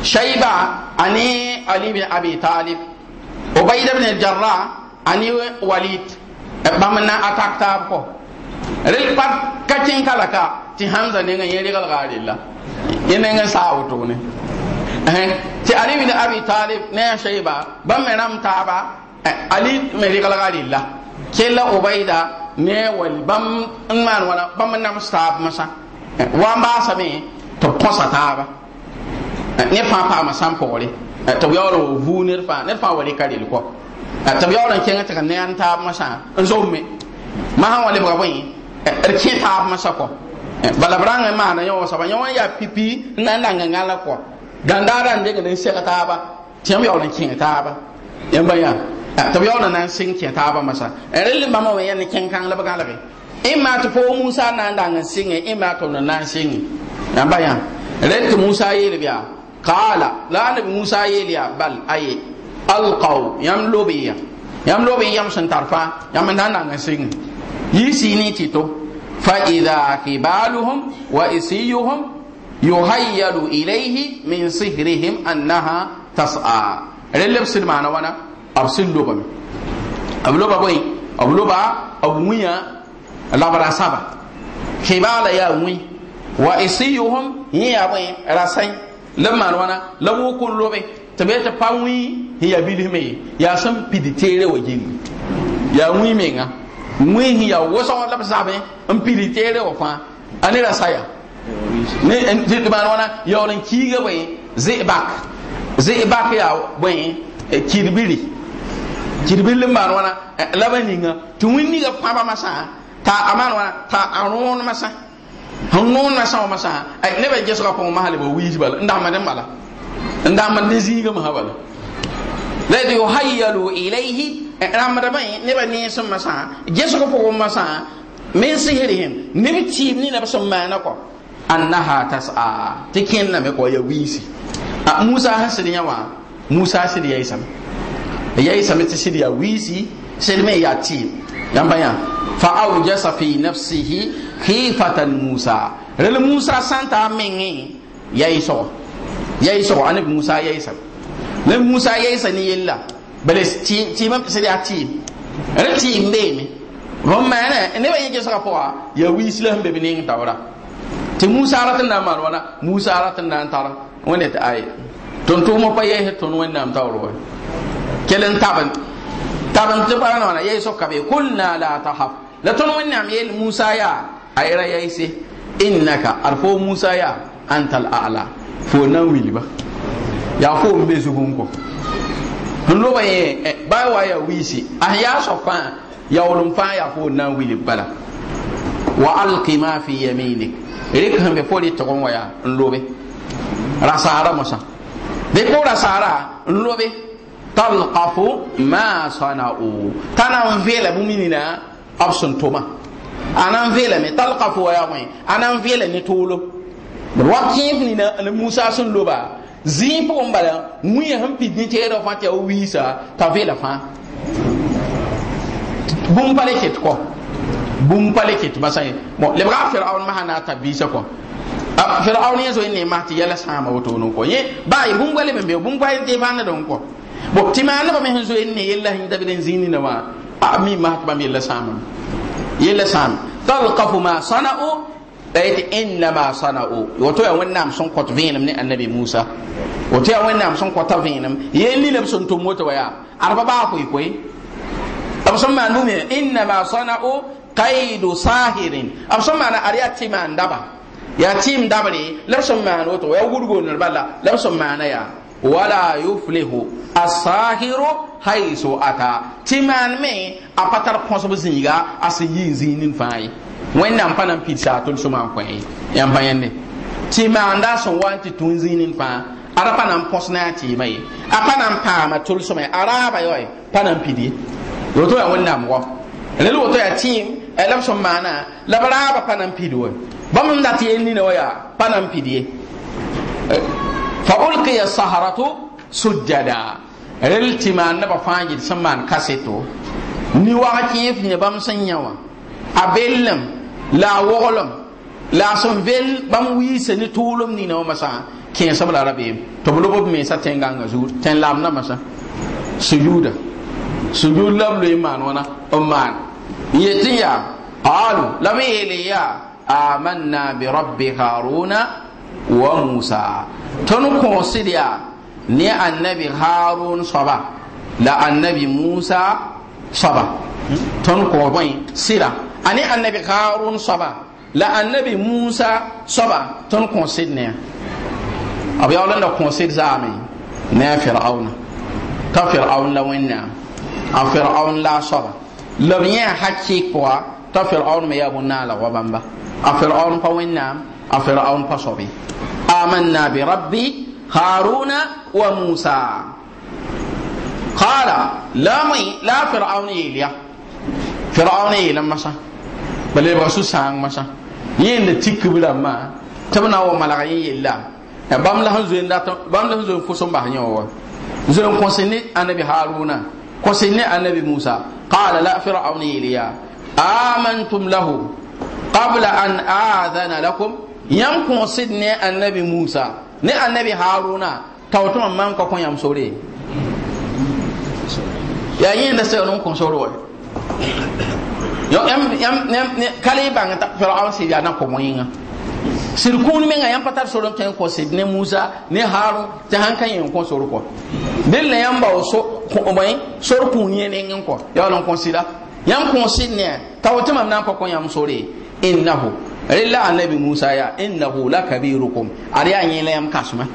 shaiba ani ali bin abi talib ubayd ibn jarrah ani walid eh, ban na attack ta ko ril pat kacin kalaka ti hamza ne ngan yeri galga arilla yene ngan sa auto ne ti ali bin abi talib ne shayba ban me ram taba eh, ali me yeri galga arilla kella ubaida ne wal bam man wala bam nam stab masa eh, wa ba me to kosa taba eh, ne pa pa masam pore to yoro vu ne fa ne fa wali karil ko to yoro kenga ta ne an tab masa zo me ma han wali ba wi er ke tab masa ko bala e ma na yo saba yo ya pipi na na ngala ko gandara ndege ne se kataba tiam yo ne kin taba yan baya to yo na nan sin kin taba masa erele mama we yan kin kan laba galabe ma to fo musa na e in ma to na nan singe yan baya rent musa yele biya qala la nabi musa yele ya bal aye alqaw yamlubiya yamlubiya yam lobiya yam san tarfa yam nan nan singe yisi ni tito fa'ida ke ba luhum wa isiyu luhum yu ilaihi min sihirihim annaha tasa. Idan labusir ma ana wana, abusir laban. Abun laba kai, abun laba abu mun yi saba. Ke ba la ya mun. Wa isiyu yi ya mun rasai. Labu ma wana, labu ko ta be ta fa wuni ya bi ya san fi de terewa Ya mun me kan. mui hi ya woso la sabe en piritere wa fa ani la saya ne en ti ban wana ya on ki ga bai zai bak zai e bak ya e, bai kirbiri kirbiri ban wana e, la ban ninga ni ga pa ba masa ta aman wana ta aron masa hannon na sama masa ai ne ba jesu ka ko mahali ba wi bal nda ma dem bala nda ma ne zinga ma bala la d yuhayyalu ilayhi rãmbdbã ne nees n masã gesg pʋgẽ masã min sihirihim neb tiib na b sẽn maana kɔ annaha tas'a na me ko ya a ah, musa sẽn sɩd yã wã musa sɩd yaɩsame yaɩsame tɩ sɩd yaa wiisi siri me n yaa tɩɩm yãmba yã fa aujasa fi nafsihi khifatan musa rel musa sã n taa mengẽ yaɩsgɔ yaɩsgɔ a neb musa yaɩsame ne musa yɛ sani yella bale ma sidi a ti re tiim deeme bon maana ne ba yɛ kɛsɛga pɔga ya wi la be ne tawra ti musa ara tɩ na wana? maan musa ara tɩ na n tar ta tɩ aye to tʋʋmã pa yɛɛsɛ tõnd nam taoor wa Kelen taban, taban tabn tɩ pa rãna wãna yɛɩ sɔka be kunna la tahaf la tõnd nam yel musa ya? a yɛra se. innaka ad musa ya? Antal ala fo nan ba. yakob be zugu n kɔ n loba yẽ ba wa ya wiisi a yaa sõ fãa yaool fãa yakob na n wili bala wa alki ma fi yaminik rek sẽn be fo rɩtg n wa yaa n lobe rasaara mosã de ko rasaara n lobe talqafu ma sana'u tana n veela bũmb nina b sẽn tʋma a na n veelame talqafu wa ya wẽ a na n veela ne toolo wa kẽef nina musa sẽn loba zĩig mbala, bala wẽ hampi din te teedã fãa tɩ ya sa, t'a ve la bũmb pa le ket kɔ bũmb pa ket basã ye bon lebga a firaun masã hana a tab biisã kɔ firaun yẽ zoe ne mas tɩ yɛla sãama wotone n kɔ yẽ baa ye bũmb wa leb n be bũmb wa dee don ned n kɔ bon tɩ maan lebame sẽn zoe ne yella sẽn dabd n zĩig nina wã mi mas yalla bãmb yella sãama yella sãam talkafu ma sana'u in na ma sana'u wato ya wani namsun kwat vinam ne annabi Musa wato ya Namsun sun kwat ya yi lam sun tun mota waya arba ba kwai koi ab sun ma nume na ma sana'u kaidu sahirin ab sun ma na ariya ma daba ya ti ndaba ne sun ma wato ya gurgo ne balla lam ma na ya wala yuflihu asahiru haisu ata timan me apatar patar ponsb asiyi zinin fai yɩɩ zĩig nin fãa ye wẽnnaam pa na n pid saa tʋl sʋma n kõ ye yãmb pa yẽnde tɩ maanda sẽn wa n tɩ tũn pa na n põs ne a tɩɩmã ye a pa e na n paama tʋlsma ye a raaba yaoe pa na n pid ye woto yaa wẽnnaam wa rel woto yaa tɩɩm la b sẽn maana la b raaba pa na n pid wa bãmb n dat yel nina wa yaa pa fa ulqiya saharatu sujjada rel timan na ba ni wakati bam la la son bam ni tulum ni no masa sujuda sujud n maan wãna la amanna bi rabbi haruna wa musa tõnd ne annabi harun soaba la annabi musa a annabi harun la annabi musa ne a b yaool n da ne a t'a firaun la a firaun la t'a firaun me wa a firaun pa أفرعون فصبي آمنا برب هارون وموسى قال لا مي لا فرعون إليا فرعون إليا مسا بل يبغسو سان مسا يين تيك بلا ما تبنا وملغ يلا بام لا زين دا بام لا زين فوسم باه نيو زين كونسيني النبي هارون كونسيني النبي موسى قال لا فرعون إليا آمنتم له قبل أن آذن لكم yãmb kõosd ne annabi musa ne annabi haruna tao tɩ mam maan ka kõ yãmb sore yaa yẽenda segd n kõ sor wa kala y bãng firaun sɩd yaa na kõ wẽngã sɩd kũun mengã yãmb pa tar sor n tõe n kõ sɩd ne musa ne harun tɩ sãn ka yẽ n kõ sor kɔ dẽn la yãmb bao sor kũun yẽ neng n kɔ yaool n kõ sɩda yãmb kõosd ne a tao tɩ mam na n pa kõ yãmb sore innahu rilla annabi musa ya innahu lakabirukum ari anyi la yam kasma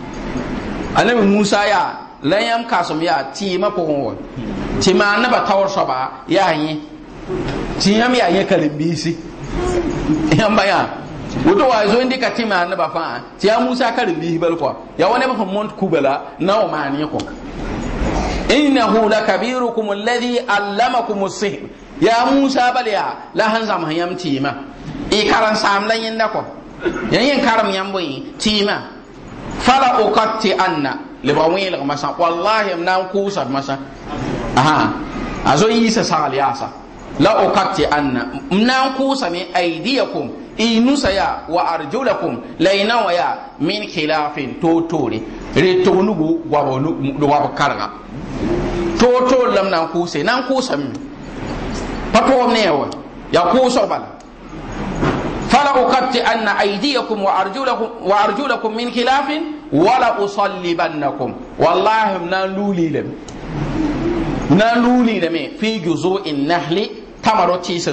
annabi musa ya la yam kasum ya ti ma ko won ti ma annaba tawar soba ya anyi ti yam ya yin kalimbisi yam baya wato wa zo indika ti ma annaba fa ti ya musa kalimbi bal ko ya wani ba mont kubala na o ma ni ko innahu lakabirukum alladhi allamakum sihr ya musa bal ya la hanzam hayam ti ma I karan sam la yẽnda kɔ yan yin karam yan boyi tɩɩmã fala uqatti anna lebg la masa wallahi na ku sa masa aha azo a zo sa ya sa." la uqatti anna na na sa kʋʋsame aidiyakum inu sa ya wa arjulakum la wa ya wã min khilafin to toore re tog nugu wab karga To-to lam na ku kʋʋse na n kʋʋsame pa tʋʋb ne ya ku so bala Wala u anna an na ayi wa arzikudakum min kilafin wala u solli bana kum. Wala la luwulile min fiyigi zu in naɣli ta ma do ci sa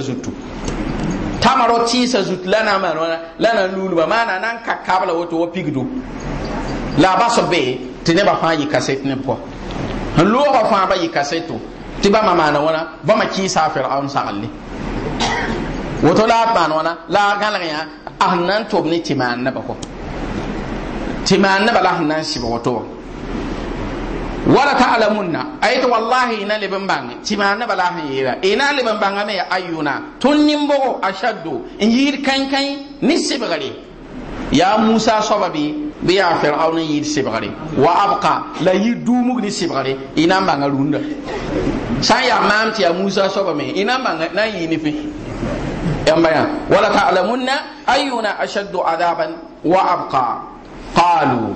lana luwuliba ma na nan kakka ba la wa tɛ wa pigdo la basobe tina ba fan yi kase ne kɔ, luwa ba fan ba yi kase ti ba ma mana wana ba ma ci sa a fila woto la a maan wãna la a gãlg yã a sẽn na n tʋb ne tɩ maan nebã kɔ tɩ maan nebã la sẽn na n sɩb woto wã wala ta'lamunna ayta wallahi ina liban bangi tima na bala han yira ina liban banga me ayuna tunnin bogo ashaddu in yir kan kan ni sibgari ya musa sababi bi ya fir'aun yir sibgari wa abqa la yidumu ni sibgari ina banga runda san ya mamti ya musa sababi ina banga nan fi. yambaya wala ta'lamunna ayyuna ashaddu adaban wa abqa qalu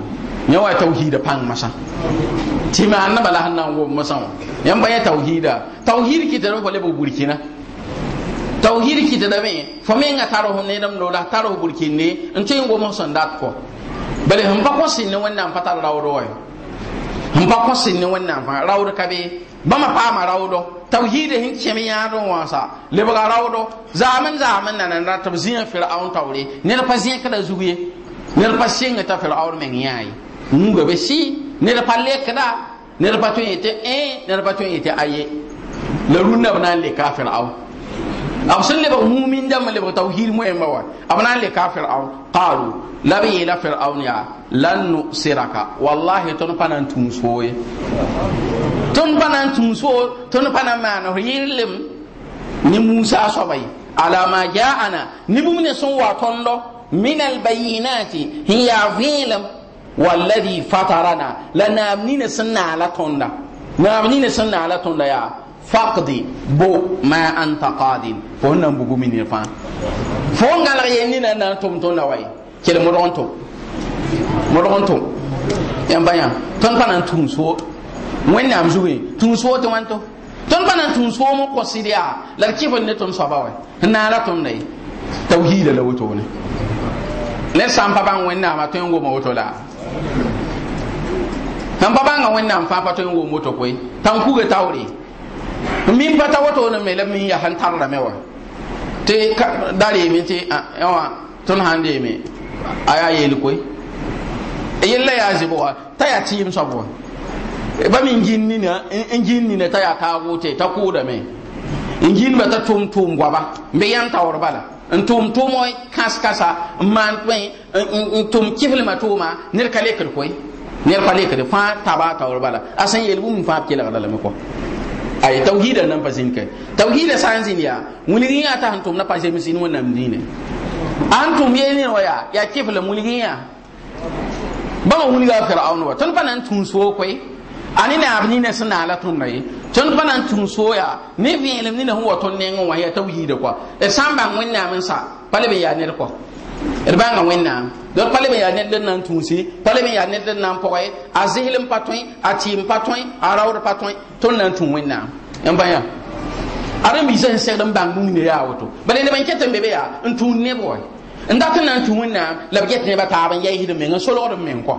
yawa tauhid pang masa tima anna bala hanna wo masa tauhida tauhid ki bo burkina tauhid ki me nga taro dam taro go ko bale hamba ko wannan patal rawro n pa kõ ne wẽnnaam fãa raood ka be bãmba paama raoodo tawhiidã sẽn kẽm yãad n wãnsa lebga raoodo zaam n zaam n nan n b zĩa firaun taoore ned pa zẽkda zug ye ned pa sɩnga t'a firaun meng yãa ye be sɩ ned pa lekda ned pa tõe n yetɩ ẽ eh, ned pa tõe n yetɩ aye la rũnnã b na n leka a firaun ab sẽn lebg mumin dãmbã lebg tawhiid moẽmbã wa b na n le ka firaun qaalu la b yeela firaun yaa lan nusiraka wallahi tõnd pa na n tũu soog ye tõnd ne musa soaba ala ma jaana ne bũmb ne sẽn wa tõndo min albayinati sẽn yaa vẽelem walladi fatarana naam nina sẽn naala tõnda naam nina sẽn naala tõnda faqdi bo ma anta qadin fo n na n bugu minir fãa fo n galg yel nina n na n tʋm tõnda wa to kell modg yam tʋm modg n tʋm yãmba yã tõnd na n tũum soo wẽnnaam zuge tũum to tõnd pa na tun tũum soom n kõsd la d ne tõnd soaba wa na naara tõmda ye tawhiida la ne pa woto la sãn pa bãnga na fãa pa tõe n wom woto min pata wato no mele min ya hantar da mewa te dare mi te yawa tun hande mi aya yeli likoi e yalla ya zibowa ta ya yin sabuwa e ba min jinni na in jinni na ta ya ta te ta da mai in jin ba ta tum tum gwaba mai yan tawar bala in tum kaskasa kas kasa man in tum kifil matuma nir kale kir koy nir kale kir fa taba tawar bala asan yelbu mun fa kila da la ko ay tawhida nan pa zin kai tawhida san zin ya muligi ya ta antum na pa zin sin wannan dine antum ni waya ya kifla muligi ya ba mu ga fir'aun wa tun panan tun so kai ani na abni ne suna ala tun mai tun panan tun so ya ne bi ilmin ne huwa tun ne ngwa ya tawhida kwa e san ba mun na min sa pale bi ya ne ko d bãnga wẽnnaam dõn pa le me yaa ned d na n tũuse pa le yaa ned d na pʋgɛ a zɩsl n pa tõe a tɩɩm pa tõe a raood pa tõe tõnd na n tũ wẽnnaam n bãyã arãmbiisã sẽn segd n bãng ningne yaa woto bala leb n ket n be be yaa n tũud neb wa n dat n na n tũ wẽnnaam la b get nebã taab n yɛɩsd meng n solgd n meng kɔ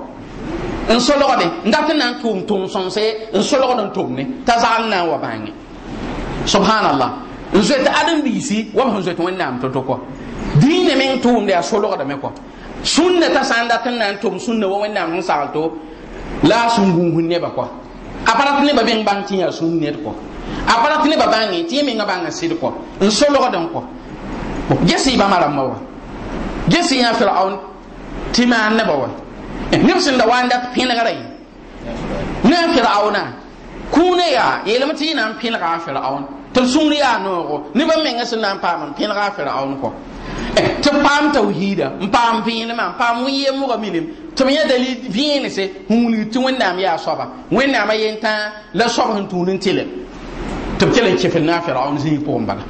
n solgde n dat n na n tʋʋm tʋʋm sõmse n solgd n tʋmne t'a zaal na n wa bãnge subhanallah n zoet adãmbiisi wa b sẽn zoet wẽnnaam to-to kɔ dĩinã meng tʋʋmde yaa solgdame meko sunna t'a sanda tan nan n na n tʋm sũnna wa wẽnnaam sẽn sagl la sun gun gũusd ne ba a aparat ne ba ben ban tin ya yaa sũnd ned kɔ a pa rat nebã bãngẽ tɩ yẽ mengã bãngã sɩd kɔ n solgd n kɔ gesɩ bãmba rãmbã wa gesɩ yã firaun an ne ba wa eh, ne sun da wanda e pin ga rai ne firauna ku ne ya tɩ yẽ na pin ga a firaun tɩ d no yaa noogo nebã mengã sẽn na n paam n firaun ko Eh, tɩ paam tawhiida n paam vẽenemã n paam wẽn yembga minim tɩ b yẽ dalil vẽenese wũlg tɩ wẽnnaam yaa soaba wẽnnaamã yentã la soab sẽn tũud n tɩlg tɩ b kell n kɩfl ne a firaun zĩig pʋgẽ bala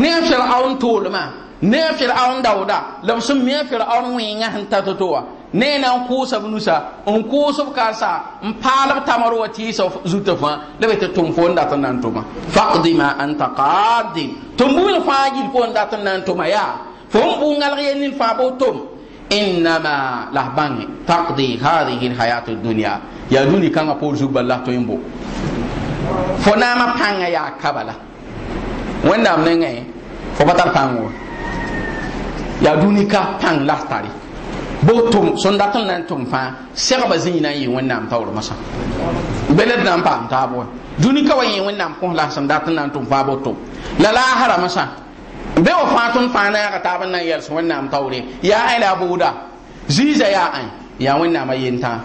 ne a firaun toolmã ne a firaun dauda la b sẽn me a firaun wẽngã sẽn ta to-to wa ne na n kʋʋsa nusa n kʋʋs b karsa n paal b wa tɩɩsa zutã fãa la tɩ tʋm fo n dat n na n tʋma fakdi ma anta qadin tʋm bũmb fãa yil fo n dat n na n tʋma yaa fo n bũngalg yell nin fãa bo tʋm innama la bãnge taqdi hadihi lhayat dunia yaa dũni kãngã poor zug bal la tõe n bo fo naamã pãngã yaa kaba la wẽnnaam nengẽ fo pa tar pãng wa yaa dũni ka pãng la tare bo tʋm sõn dat n na n tʋm fãa segba zĩig na n yɩ wẽnnaam taoor masã bele d na n paam taab wa dũni ka wa yẽ wẽnnaam kõsla sẽn dat n na n tʋm fãa bo tʋm la laasara masã be wa fãa tõnd fãa naaga taab n na n yɛls wẽnnaam taoore yaa ẽ la a buuda zĩiza yaa ãe yaa wannan yentã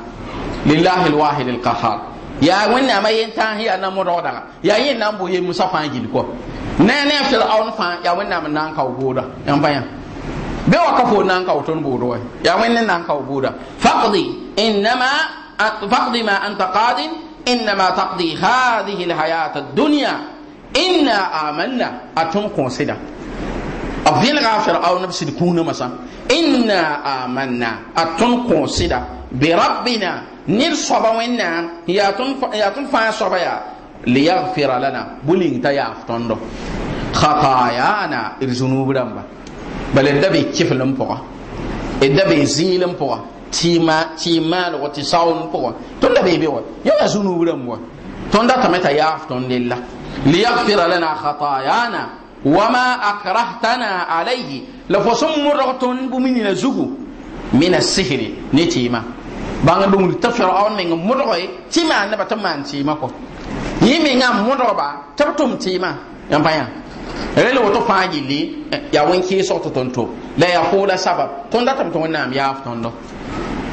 lillahi lwahid lkahar ya wẽnnaamã yentã yaa na modgdaga yaa yẽ na n bo yembsã fãa gil kɔ ne ne f tɩ d aon fãa yaa wẽnnaam na n kao gooda yãm pa be wa kafo nan ka ton budo wa ya wen nan ka buda faqdi innama faqdi ma anta qadin innama taqdi hadhihi alhayat ad-dunya inna amanna atun konsida afdil ghafir aw nafsi kuna masa inna amanna atun konsida bi rabbina nir soba wenna ya tun ya tun fa soba ya liyaghfira lana bulin ta ya aftondo خطايانا الذنوب رمبا بل الدبي كيف لمبوغا الدبي زي لمبوغا تيما تيما لغتي ساون بوغا تون دبي بيوا يو يزونو ولمو تون دا تمتا يعف تون للا ليغفر لنا خطايانا وما أكرهتنا عليه لفصم مرغتون بمين نزوغو من السحر نتيما بانغ بمول تفر اون من مرغي تيما نبا تمان تيما كو يمي نعم مرغبا تبتم تيما يمبايان rel woto fãa gilli yaa wẽn kɩɩsg tɩ tõnd to la yaa hoola sabab tõnd datame tɩ wẽnnaam yaaf tõndo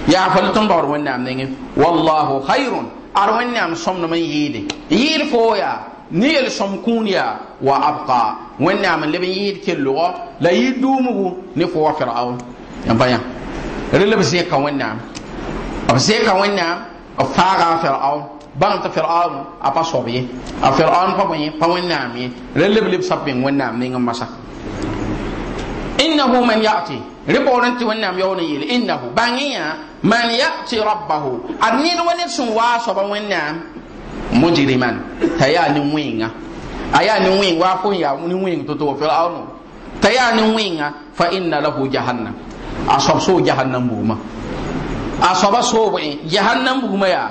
yaafa la tõnd bagr wẽnnaam nengẽ wallahu hayrun ar wẽnnaam sõmdm n yɩɩde yɩɩd foo yaa ne yel sõm kũun yaa wa abqa wẽnnaam n leb n yɩɩd kellgɔ la yɩ duumgu ne fo wa firaun pa yã rel b zẽka wẽnnaam b zẽka wẽnnaam b faaga firaun bãng tɩ firaun a pa soab ye a firaun pa bõe pa wẽnnaam ye ra leb leb sab beng wẽnnaam ning n masa innahu man yati rɩpoorẽ tɩ wẽnnaam yaool n yeel innahu bãng yã man yati rabbahu ad ned wa ned sẽn waa soaba wẽnnaam mujriman t'a yaa ne wẽnga a yaa ne wẽng waa fo n yaa ne wẽng to-to wa firaunu t'a yaa ne wẽnga fa inna lahu jahannam a soab soog jahannam buuma a soaba soobẽ jahannam buuma yaa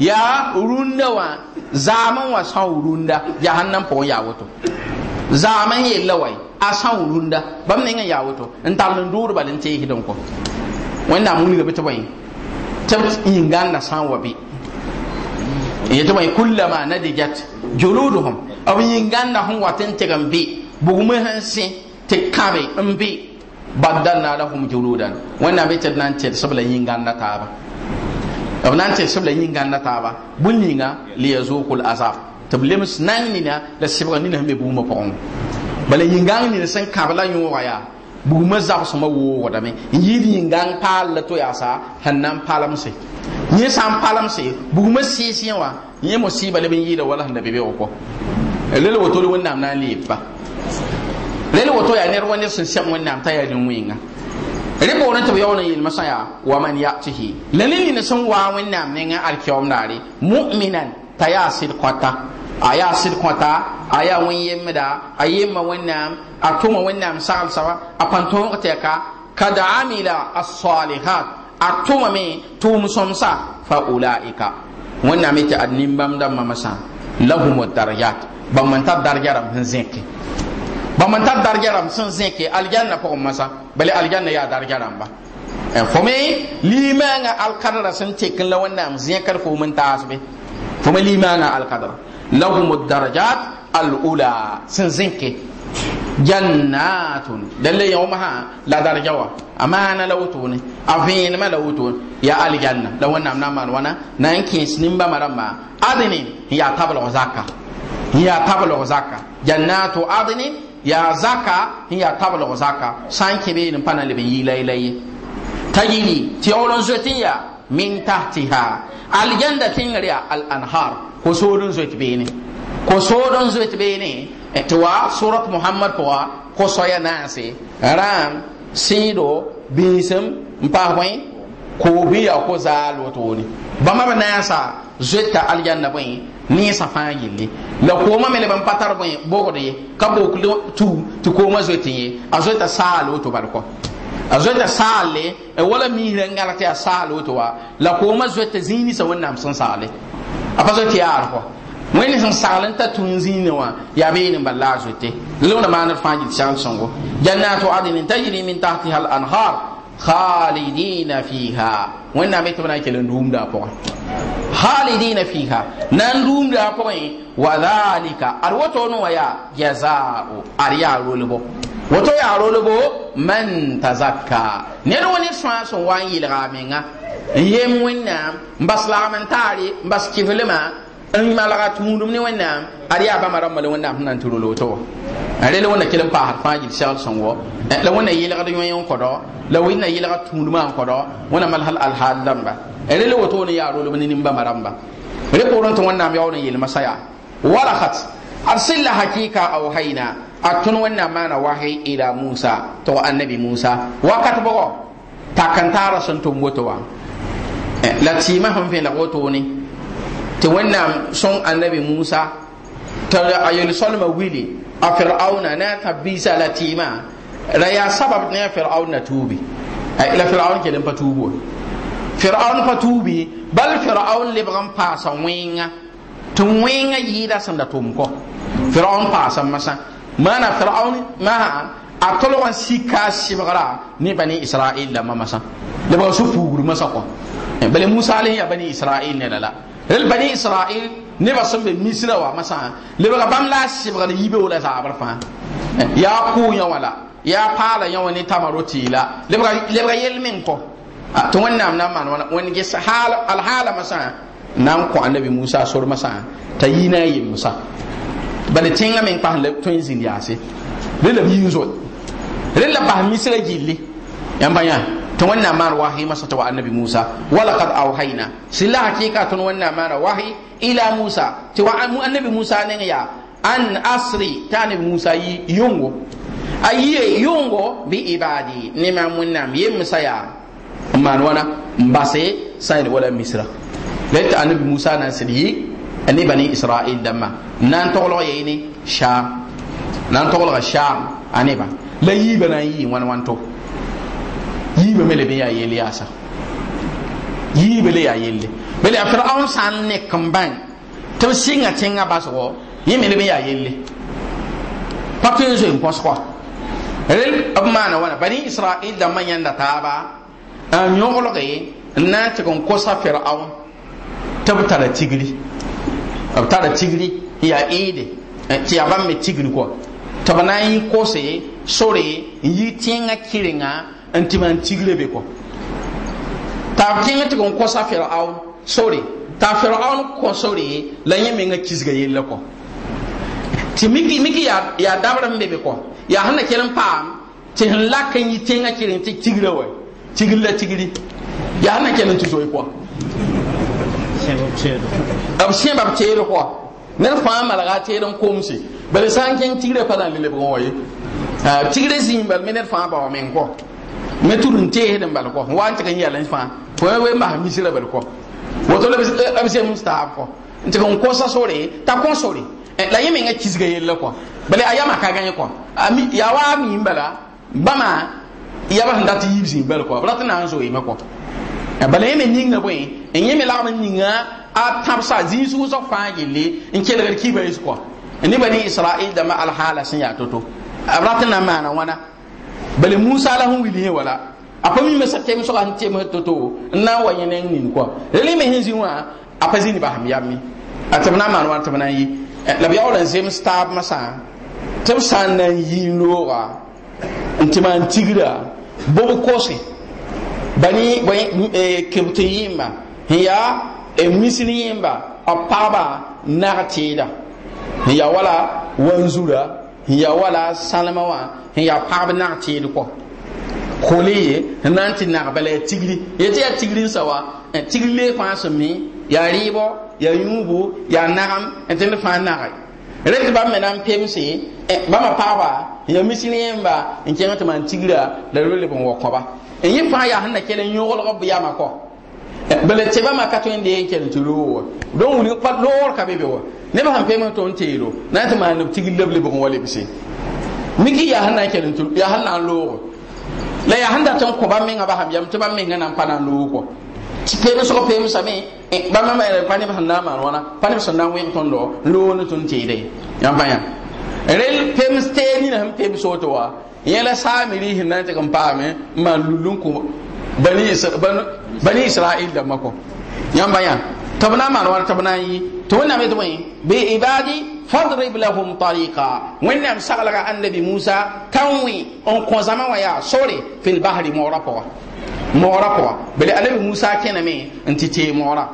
ya runda wa zaman wa san runda jahannam po ya wato zaman ye lawai a san runda bam ne ya wato in ta mun duru balin te hidan ko wanda mun ga bita bai tab ingan na san wa bi ya ta bai kullama nadijat juluduhum aw ingan na hun watan te gambe bugume hansin te kabe mbe badanna lahum juludan wannan bai tadnan te sabla ingan na ba. b na n tɩ sb la yĩnga n na taaba bũn yĩnga liyazuku lazab tɩ b lems nang nina la sɩbga nina sẽn be buumã pʋgẽ bala yĩngãng nin sẽn kãb la yõoga yaa bugumã zagsmã woogdame n yɩɩd yĩngãng paal la toyaasa sẽn na n palemse yẽ sã n palemse bugumã sɩɩs yẽ wã yẽ mosɩɩba leb n yɩɩda wala sẽn da be beoog pɔ rel woto le wẽnnaam na n leeb pa rel woto yaa ned wa ned sẽn sɛb wẽnnaam t'a yaa rẽ wẽnga rẽmba wã tɩ b yaool n yelmsã yaa wa man yatihi la ne nina sẽn waa wẽnnaam nengẽ alkɛoomdaare mu'minan t'a yaa sɩd-kõta a yaa sɩd-kõta a yaa wẽn-yembda a yemba wẽnnaam a tʋma wẽnnaam saglsaba a pãn tõog tɛka kad amila asalihat a tʋmame tʋʋm-sõmsa fa ulaika wẽnnaam yetɩ ad nimbãmb dãmbãmbã sã lahum darjat bãmb n tar darja rãmb sẽn zẽke ba man tar darja ram sun zeke aljanna ko masa bale aljanna ya darja ram ba en eh, fome limanga alqadara sun tekin la wannan zekar fo mun tasbe fome limanga alqadara lahum ad-darajat al-ula sun zeke jannatun dalle yawma ha la darja wa amana lawtuni afin ma lawtuni ya aljanna la wannan nan man wana nan kinsnin ba maramba adini ya tabla zakka ya tabla zakka jannatu adini ya zaka ya tabla zaka san be nin pana le yi lai lai ti olon ya, min tahtiha aljanda tingriya al anhar ko sodon zoti bene ko sodon zoti bene etwa surat muhammad wa ko soya nase ram sido mpa hoy ko biya ko zalo toni bama banasa zeta aljanna bõe ninsã fãa yelle la kooma me leb n pa tar bõe bogd ye ka book tu tɩ kooma zoet n ye a zoeta saal woto bal kɔ a zoeta saalle e wala miisrã n gãlg tɩ yaa saal woto wa la kooma zoeta zĩig ninsã wẽnnaam sẽn saale a pa zoet yaar kɔ wẽnd sẽn sagl n ta tũn zĩigã wã yaa beene n balla a zoete lewna maanr fãa yel sagl sõngo jannatu adnin tajri min tahtiha al anhar خالدين فيها وين نعمت من أكل النوم دا بوين خالدين فيها نندوم دا بوين وذلك أروتون ويا جزاء أريا رولبو وتو يا رولبو من تزكى نروني فرانس وان يلغامينا يم وين نعم بس لامن تاري بس كيف لما أنا ما لغت مودم نعم؟ أريا بمرام ملون نعم نانتولو تو rel wẽnna kell n paasd fãa gil segl sõngo la wẽnna yɩlgd yõe n kõdg la wẽnna yɩlga tũudmã n kõdg wẽnna malsl alhaal dãmba rel woto n yaa rolb ne nimbãmbã rãmba rẽ pʋgr tɩ wẽnnaam yaool n yelmasa yaa warakat d sẽn la hakɩɩka aohayna a tõnd wẽnnaam maana wasy ila musa tɩg annabi musa wakat bʋgɔ tak n taara sẽn tʋm woto wã eh, la tɩɩmã sẽn vẽlg wotone tɩ wẽnnaam sõng annabi musa tara ayel salma wili a fir'auna na ta bisa latima la ya sabab ne fir'auna tubi la fir'auna ke limpa tubu fir'auna pa tubi bal fir'aun le pa sa winga to winga yida sanda tumko fir'aun pasa masa mana fir'aun ma a tolwan sika sibgra ni bani israil la mamasa da ba su pugru masa ko bale musa alayhi bani israil ne la la bani israil nebã sẽn be misrã wa masã lebga bãmb la a sɩbgd yibe wala zaabr fãa yaa kʋʋ yã wala yaa paala yã wa ne tama rotɩɩla lebga yell meng kɔ tɩ wẽnnaam na n maan wãna wẽn ges alhaala masã na n kõ annabi musa a sor masã t'a yi na a yemsa bala tẽngã meng pas la tõe n zĩnd yaase rẽ la b yĩn zol rẽ la pas misrã gilli yãmba yã tɩ wẽnnaam maan wasy masã tɩ wa annabi musa walakad auhaina sɩ la hakɩɩka tõnd wẽnnaam maana wasy ila musa ti wa annabi musa ne ya an asri ta ne musa yi yungo ayiye yungo bi ibadi ne ma munna munnam musa ya man wana mbase sayin wala misra lati annabi musa nan sidi ani bani israil damma nan tolo yini sham nan tolo sham aniba la yi bana yi wan wan to yi be mele bin ya yeli asa yiibe le yaa yelle bele a fir'aun sã n nek n bãng tɩ b sɩnga tẽngã basgɔ yẽ me leb n yaa yelle pa tõe n zoe n kõsgɔ rel b maana wãna bani israɩl dãmbã yãnda taaba an yõglge n na n tɩg n kosa fir'aun tɩ b tara tigri b tara tigri ya yaa ẽede eh, tɩ yaa bãmb me tigri ko tɩ b na n kose sore n yi tẽngã kɩrenga n tɩ mam tigre be ko ta kẽng tɩ n kõsa firaun sore t'a firaun kõ sore la yẽ menga kisga yella kɔ tɩ mik yaa dabr n be be kɔ yaa sẽn na kell n paam tɩ sẽn lak n yɩ tẽngã kɩr tɩ tigra wa tigr la tigri yaa sẽn na kell n tɩ zoe kɔ b sẽba b teere kɔ ned fãa malga a teer n komse bala sã n kẽng tigrã pa na le lebg n wa ye tigre ah, zĩim bal me ned fãa ba wa meng kɔ me turun te he den balko we mi sira balko woto le abse mun sta sore ta sore la kisga yella ka ba ndati yibzi mbala bala ninga a da ma al hala bale musa la hun wili wala apa mi mesa kemi so kan tema toto na wa yene nin ko le me hin ziwa apa zini ba ham yami atamna man wan tamna yi eh, la bi wala zem stab masa tem san nan yi roga ntima antigra bobo kose bani bani eh, kebte yimba hiya e eh, misri yimba apaba nartida hiya wala wanzura n ya wala salama wa, n ya paɣab nag tẽed kɔ kole ye n na n ti nag bala ya tigri yetɩ ya tigri sa wa e tigri lee fãa sẽn mi ya rɩɩbɔ ya yũubu ya nagem e n tɩ d fãa nage rẽd bãmb me na n pemse bãmba pagba n ya misri yẽmba n kẽng tɩ maan tigra la rol n wa kõba n yɩ fãa yaa sẽn na kell n yõglg b yama kɔ bala tɩba maka tõe n deen kell tɩ roowa don wuni pa loor ka be be wa neb sãn peeme tõnd teelo na n tɩ maan b tig leblebg n wa lebse miki yaa na n kell yaa na n loogo la yaa sẽn dat n kõ bãmb mengã basam yam tɩ bãmb mengã na pa na n loog wa tɩ peemsg peemsame bãmba ma e, pa neb sẽn na ma wana wãna pa neb na n wẽg tõnd lo n loog ne tõnd teeda ye yãm pa yã rel na tee nina sẽn peems woto wa yẽla saame na n ka n paame n maan lulu n kõ bani bani israil da mako yan bayan tabna man war tabna yi to wannan mai tabani bi ibadi fadrib lahum tariqa wannan sagalaga annabi musa tanwi on ko zaman waya sore fil bahri mawraqa mawraqa bali annabi musa kenan me anti te mawra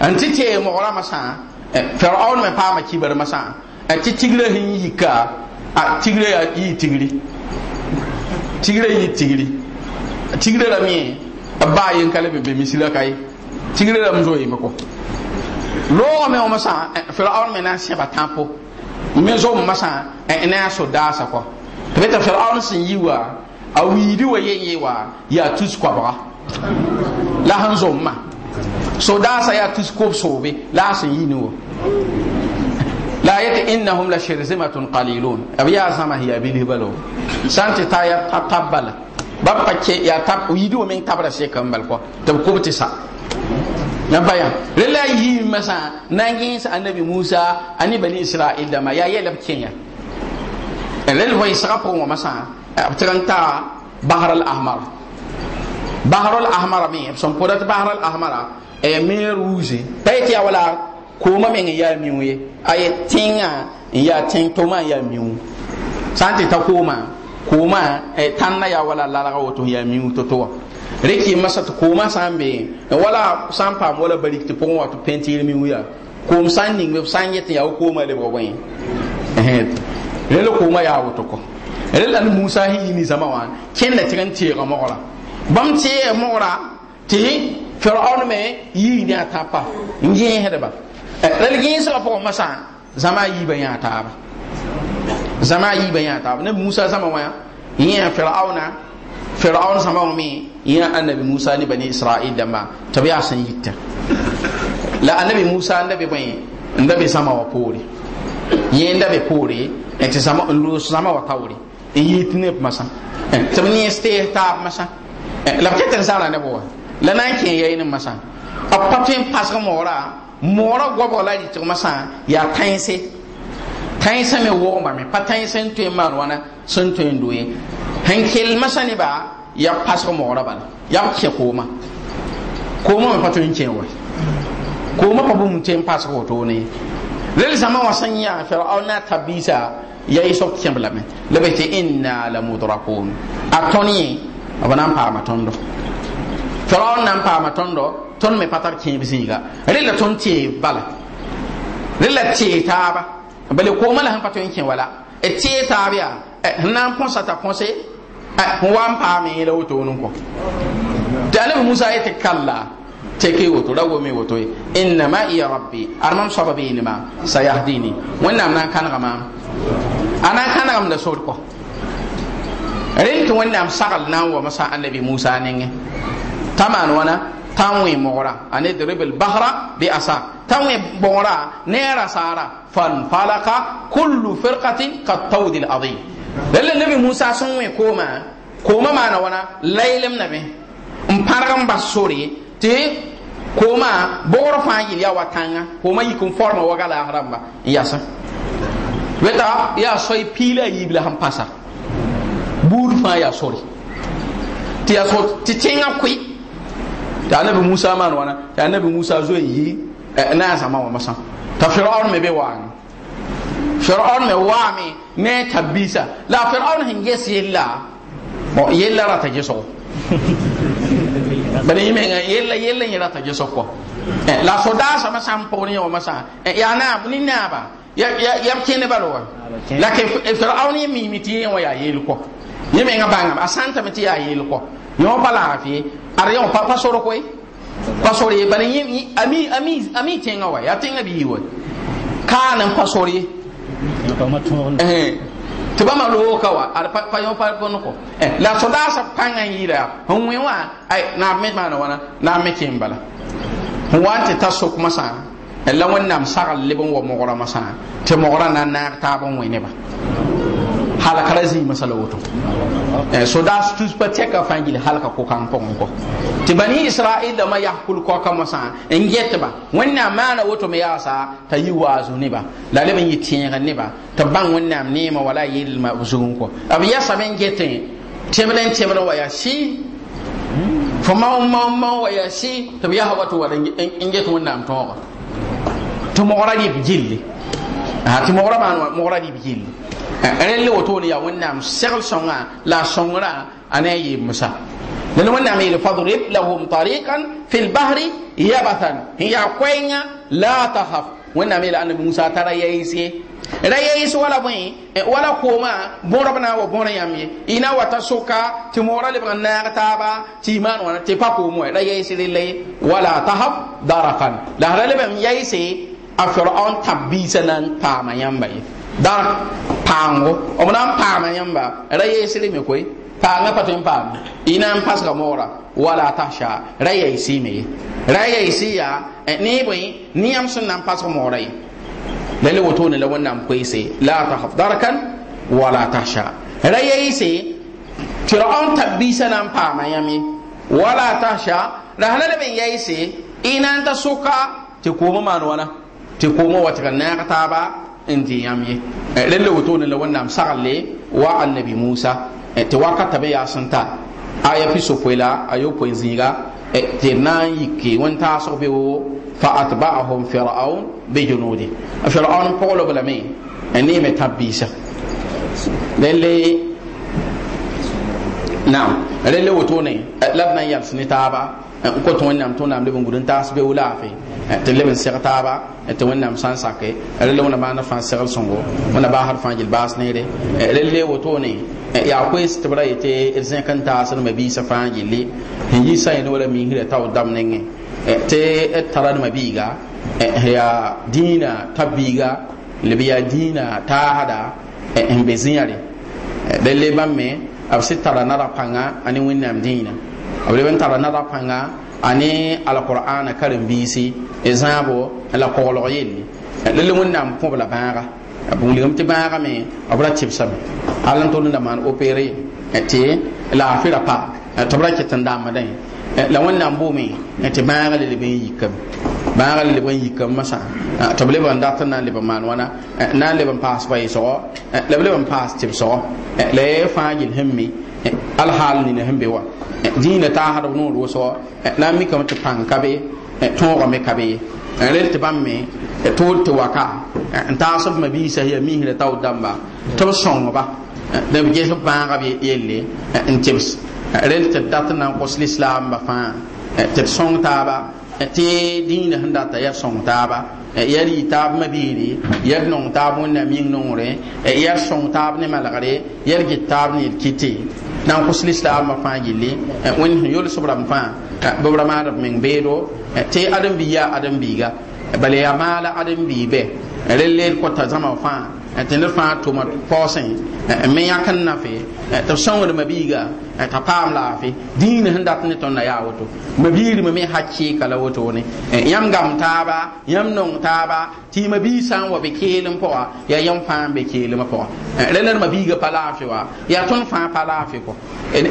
anti te mawra masa eh, fir'aun me pa ma kibar masa anti tigre hin yi ka a ah, tigre ya yi tigre tigre yi tigre tigre la mi ba yin kala be be misila kai tigre la mzo yima ko lo me o masa eh, fir'aun me na se tampo. me zo mo masa eh, ina so da dasa ko to beta fir'aun sin yiwa a wiidi wa yen yewa ya tus kwa ba la han zo ma so da sa ya tus ko so be la sin yini wo la yati innahum la shirzimatun qalilun abiya sama hiya bilibalo santi ta ya tabbala ba pa ke ya tab yidi o men tabra se kan balko ko tab ko bute sa na baya lalla yi masa nangin sa annabi Musa ani bani Isra'il da ma ya ya labke ya lalla hoy sa ko wa masa abtranta bahar al ahmar bahar al ahmar mi son ko podat bahar al ahmar e mer rouge payet ya wala ko ma men ya miu ye tinga ya tin to ma ya tʋma n yaa miu sã n tɩ ta kuma koma eh, tanna ya wala lalaga wato ya mi to to reki masa to koma sambe wala sampa wala bari ti pon wato penti mi wuya wiya kom sanning sanye ti ya ko ma le yin eh le lelo koma ya woto ko le lelo musa hi ni sama wa ken la tiran ti ga mora bam ti e mora ti fir'aun me yi ni atapa ngi ba le gi so ko masa zama yi ba ya ta ba zama yi ba ya ta na musa zama waya yin fir'auna fir'aun sama wa me yin annabi musa ne bani isra'il da ma ta biya san yitta la annabi musa annabi bai annabi sama wa pore yin da bai pore en ti sama lu sama wa tawri en yit ne masa eh, ta ni ste ta masa eh, la ketan sara ne bo la nan ke yayin masa a patin pasan mora mora gobo la ji to masa ya tanse tãy sã me wʋgbame pa tãy sẽn tõe n maan wãna sẽn tõe n doe sẽn kelma sã nebã yaa pasg mogra bala yaa kẽ kooma kooma me pa tõe n kẽ wa kooma pa bũmb tõe n pasg wotone rel zãma wã sẽn yãag firauna tabiisa yaa yɩsb kẽb lame la be tɩ inna la mudrakun a tõnd yẽ b na n paama tõndo firaun na n paama tõndo tõnd me pa tar kẽeb zĩiga rel la tõnd teeg bala rel la teeg taaba bale ko mala han patoyin ke wala e tie tabia e na kon sata konse ko e wan pa me la woto nun ko dalib musa ya e kalla teke woto rawo me woto inna ma ya rabbi arman sababi ni ma sayahdini wannan nan kan ma ana kan gam da sor ko rin to wannan sagal nan wa masa annabi musa ne tamanu wana tan mora ane a bahra bi asa tan wẽ nera sara fan falaka kullu firqatin qad tawdil adhim adim nabi musa sunwe koma koma mana wãna laylem nabi n pãrg n bas sore tɩ kooma bogr fãa yɩl yaa forma wa galaas rãmba n yasã wẽta ya soy pila yibla ham pasa bur fãa ya sori ti aso ti tinga koe t'a nabi musa maan wana t'a nabi musa zo yi na zama wa masa ta fir'aun me be wani fir'aun me wa wami ne tabisa la fir'aun hin yes yella o yella rata jeso bari yime nga yella yella ni rata jeso ko la soda sama sampo ni wa masa ya na ni na ba ya ya ya kene balo la ke fir'aun yimi miti wa ya yel ne menga bangam asanta meti ya yel ko yo pala afi ar yo pa pa soro koy pa soro ye bana yimi ami ami ami tenga wa ya tenga bi wa kana pa soro ye eh, eh. ti ba ma lo ka wa ar pa pa yo pa ko no ko eh la so da sa panga yira hunwe wa ai na me ma na wana na me kin bala wanti tasok masa eh, la wannam sagal libon wa mogora masa te mogora na na ta bon we ba Eh, halaka ra zĩig masala woto sodas tus pa tɛka fãa gil halka kokãng pʋgẽ kɔ tɩ bani israɩl dãmbã yaa kul kɔka mosã n wẽnnaam maana woto me yaasa t'a yi waazo la leb n yɩ tɩ bãng wẽnnaam neema wala a yellma b zugẽ kɔ b yasame n get tẽbd n tẽbd wa yaa sɩ fo maw maw maw wa yaa sɩ tɩ b yasa wato wala n get wẽnnaam tõoga tɩ mogra rɩb gilli tɩ mogra maan mogra rɩb gilli rel woto ne ya wẽnnaam segl sõnga la a sõngrã a ne a yɩɩmsa dẽnd wẽnnaam yeel fadrib lahum tarikan fi lbahri yabathan n yaa koɛɛngã la tahaf wẽnnaam yeela anabi musa tara yɛɩs ye ra yɛɩs wala bõe wala koomã bõrb na n wa bõr yãmb ye y na n wa ta soka tɩ moora lebg n naag taaba tɩ imaan wãna tɩ pa koom wẽ ra yɛɩs rella wala tahaf darakan la ra lebm yɛɩse a firaun tãb biisã na n paama yãmba ye da pango om na paama yamba ra yesiri me koy paanga patin paam ina n ga mora wala tasha raye yaisi me ra eh, ni boy ni am sun nan pasga moora yi lele woto ne lawan nan koy se la tahaf darakan wala tasha isi yaisi fir'aun tabbisa nan paama yami wala tasha rahala ben yaisi ina ta suka ti ko ma wana ti ko mo wata kan na ta ba n eh, la wa annabi musa eh, tɩ eh, ta aya pisopoe la ayopoe zĩiga tɩ d na n yike wẽn-taasg be wo fa atba'ahum firaun bi firaun be tɩ leb n seg taaba tɩ wẽnnaam sã n sake rel wẽna maana fãa segl sõngo wẽna baasd fãa gil baas neere rel le wotone yaa koes tɩ b ra yetɩ d e zẽk n taasdma biisã fãa gilli n yi sã yẽ wala miisrã tao dam nengẽ e tɩ d e tara dma biiga yaa dĩinã ta biiga leb yaa dĩinã taasda n be zĩyãre rel le bãmb me b sɩd tara nara pãnga a ne wẽnnaam dĩinã b leb n tara nara pãnga ani alquran karim bisi e zabo la kolo yelli lele m u n n a m ko l a b a r a a b u l i m ti b a r a me abra c h i p s a b alan to nda man opere ti la afira pa tabra ke tanda madan la w a n n a m b u me ti b a r a le ben yikam b a r a le ben yikam masa table ban datan a le man wana na le ban pass pa so le ban pass c h i p so le fajil h i m m i alhaal nina sẽn be wa dĩinã taasd b noor wʋsg la n mikame tɩ pãng ka be tõogame ka be rel tɩ bãmb tʋʋl tɩ waka n taas b mabiisa yaa miisrã tao dãmba tɩ b sõngba d b ges b bãagb yelle n tɩbs rel tɩ d dat n na n kõs lislaamba fãa tɩ d sõng taaba E tɩ dĩinã sẽn data yaa sõng taaba e yaa rɩɩ taab mabiiri yaa nong taab na yĩng noore yaa sõng taab ne malgre yaa get taab ne d e kɩte na n kʋs ma fãa gilli wẽnd sẽn yʋlsb rãmb fãa bb ra maand b meng beedo tɩ adem-bi yaa adem-biiga bala yaa maala adem-bii bɛ rel leed kota zãma fãa tɩ ned fãa tʋma paoosẽ me yãk na nafe Eh, tɩ b sõngd mabiiga t'a eh, paam laafɩ dĩin sẽn dat ne tõnd na yaa woto mabiirmã me kala la wotone eh, Yam gam taaba yam nong taaba tɩ mabii sã san wa be keelem pʋga yaa yam fam n be keelemã pʋga rẽla d mabiiga pa laafɩ wa yaa fa fãa pa laafɩ kɔ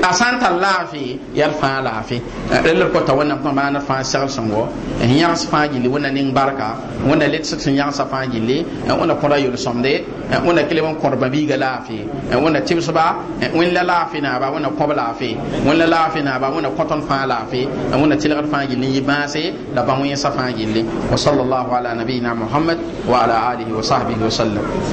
a sã n tar laafɩ yaa d fãa ko rẽla d kota wẽnnaam tõnd maana d fãa segl-sẽngo sẽn yãgs fãa gilli wẽnna ning barka wẽnna let sẽn yãgsã fãa gilli wẽnna kõra somde. sõmde wẽnna kelb n kõr mabiiga laafɩ wẽnna tɩbsba wẽn la laafɩ naaba wẽna kõb laafɩ wẽn la laafɩ naaba wẽna kõtn fãa laafɩ la wẽna tɩlgd fãa gilli n yɩ bãase la bã wẽnsã fãa gilli wa sal allahu ala nabiina mohamad wa ala alihi wa sahbihi wa sallam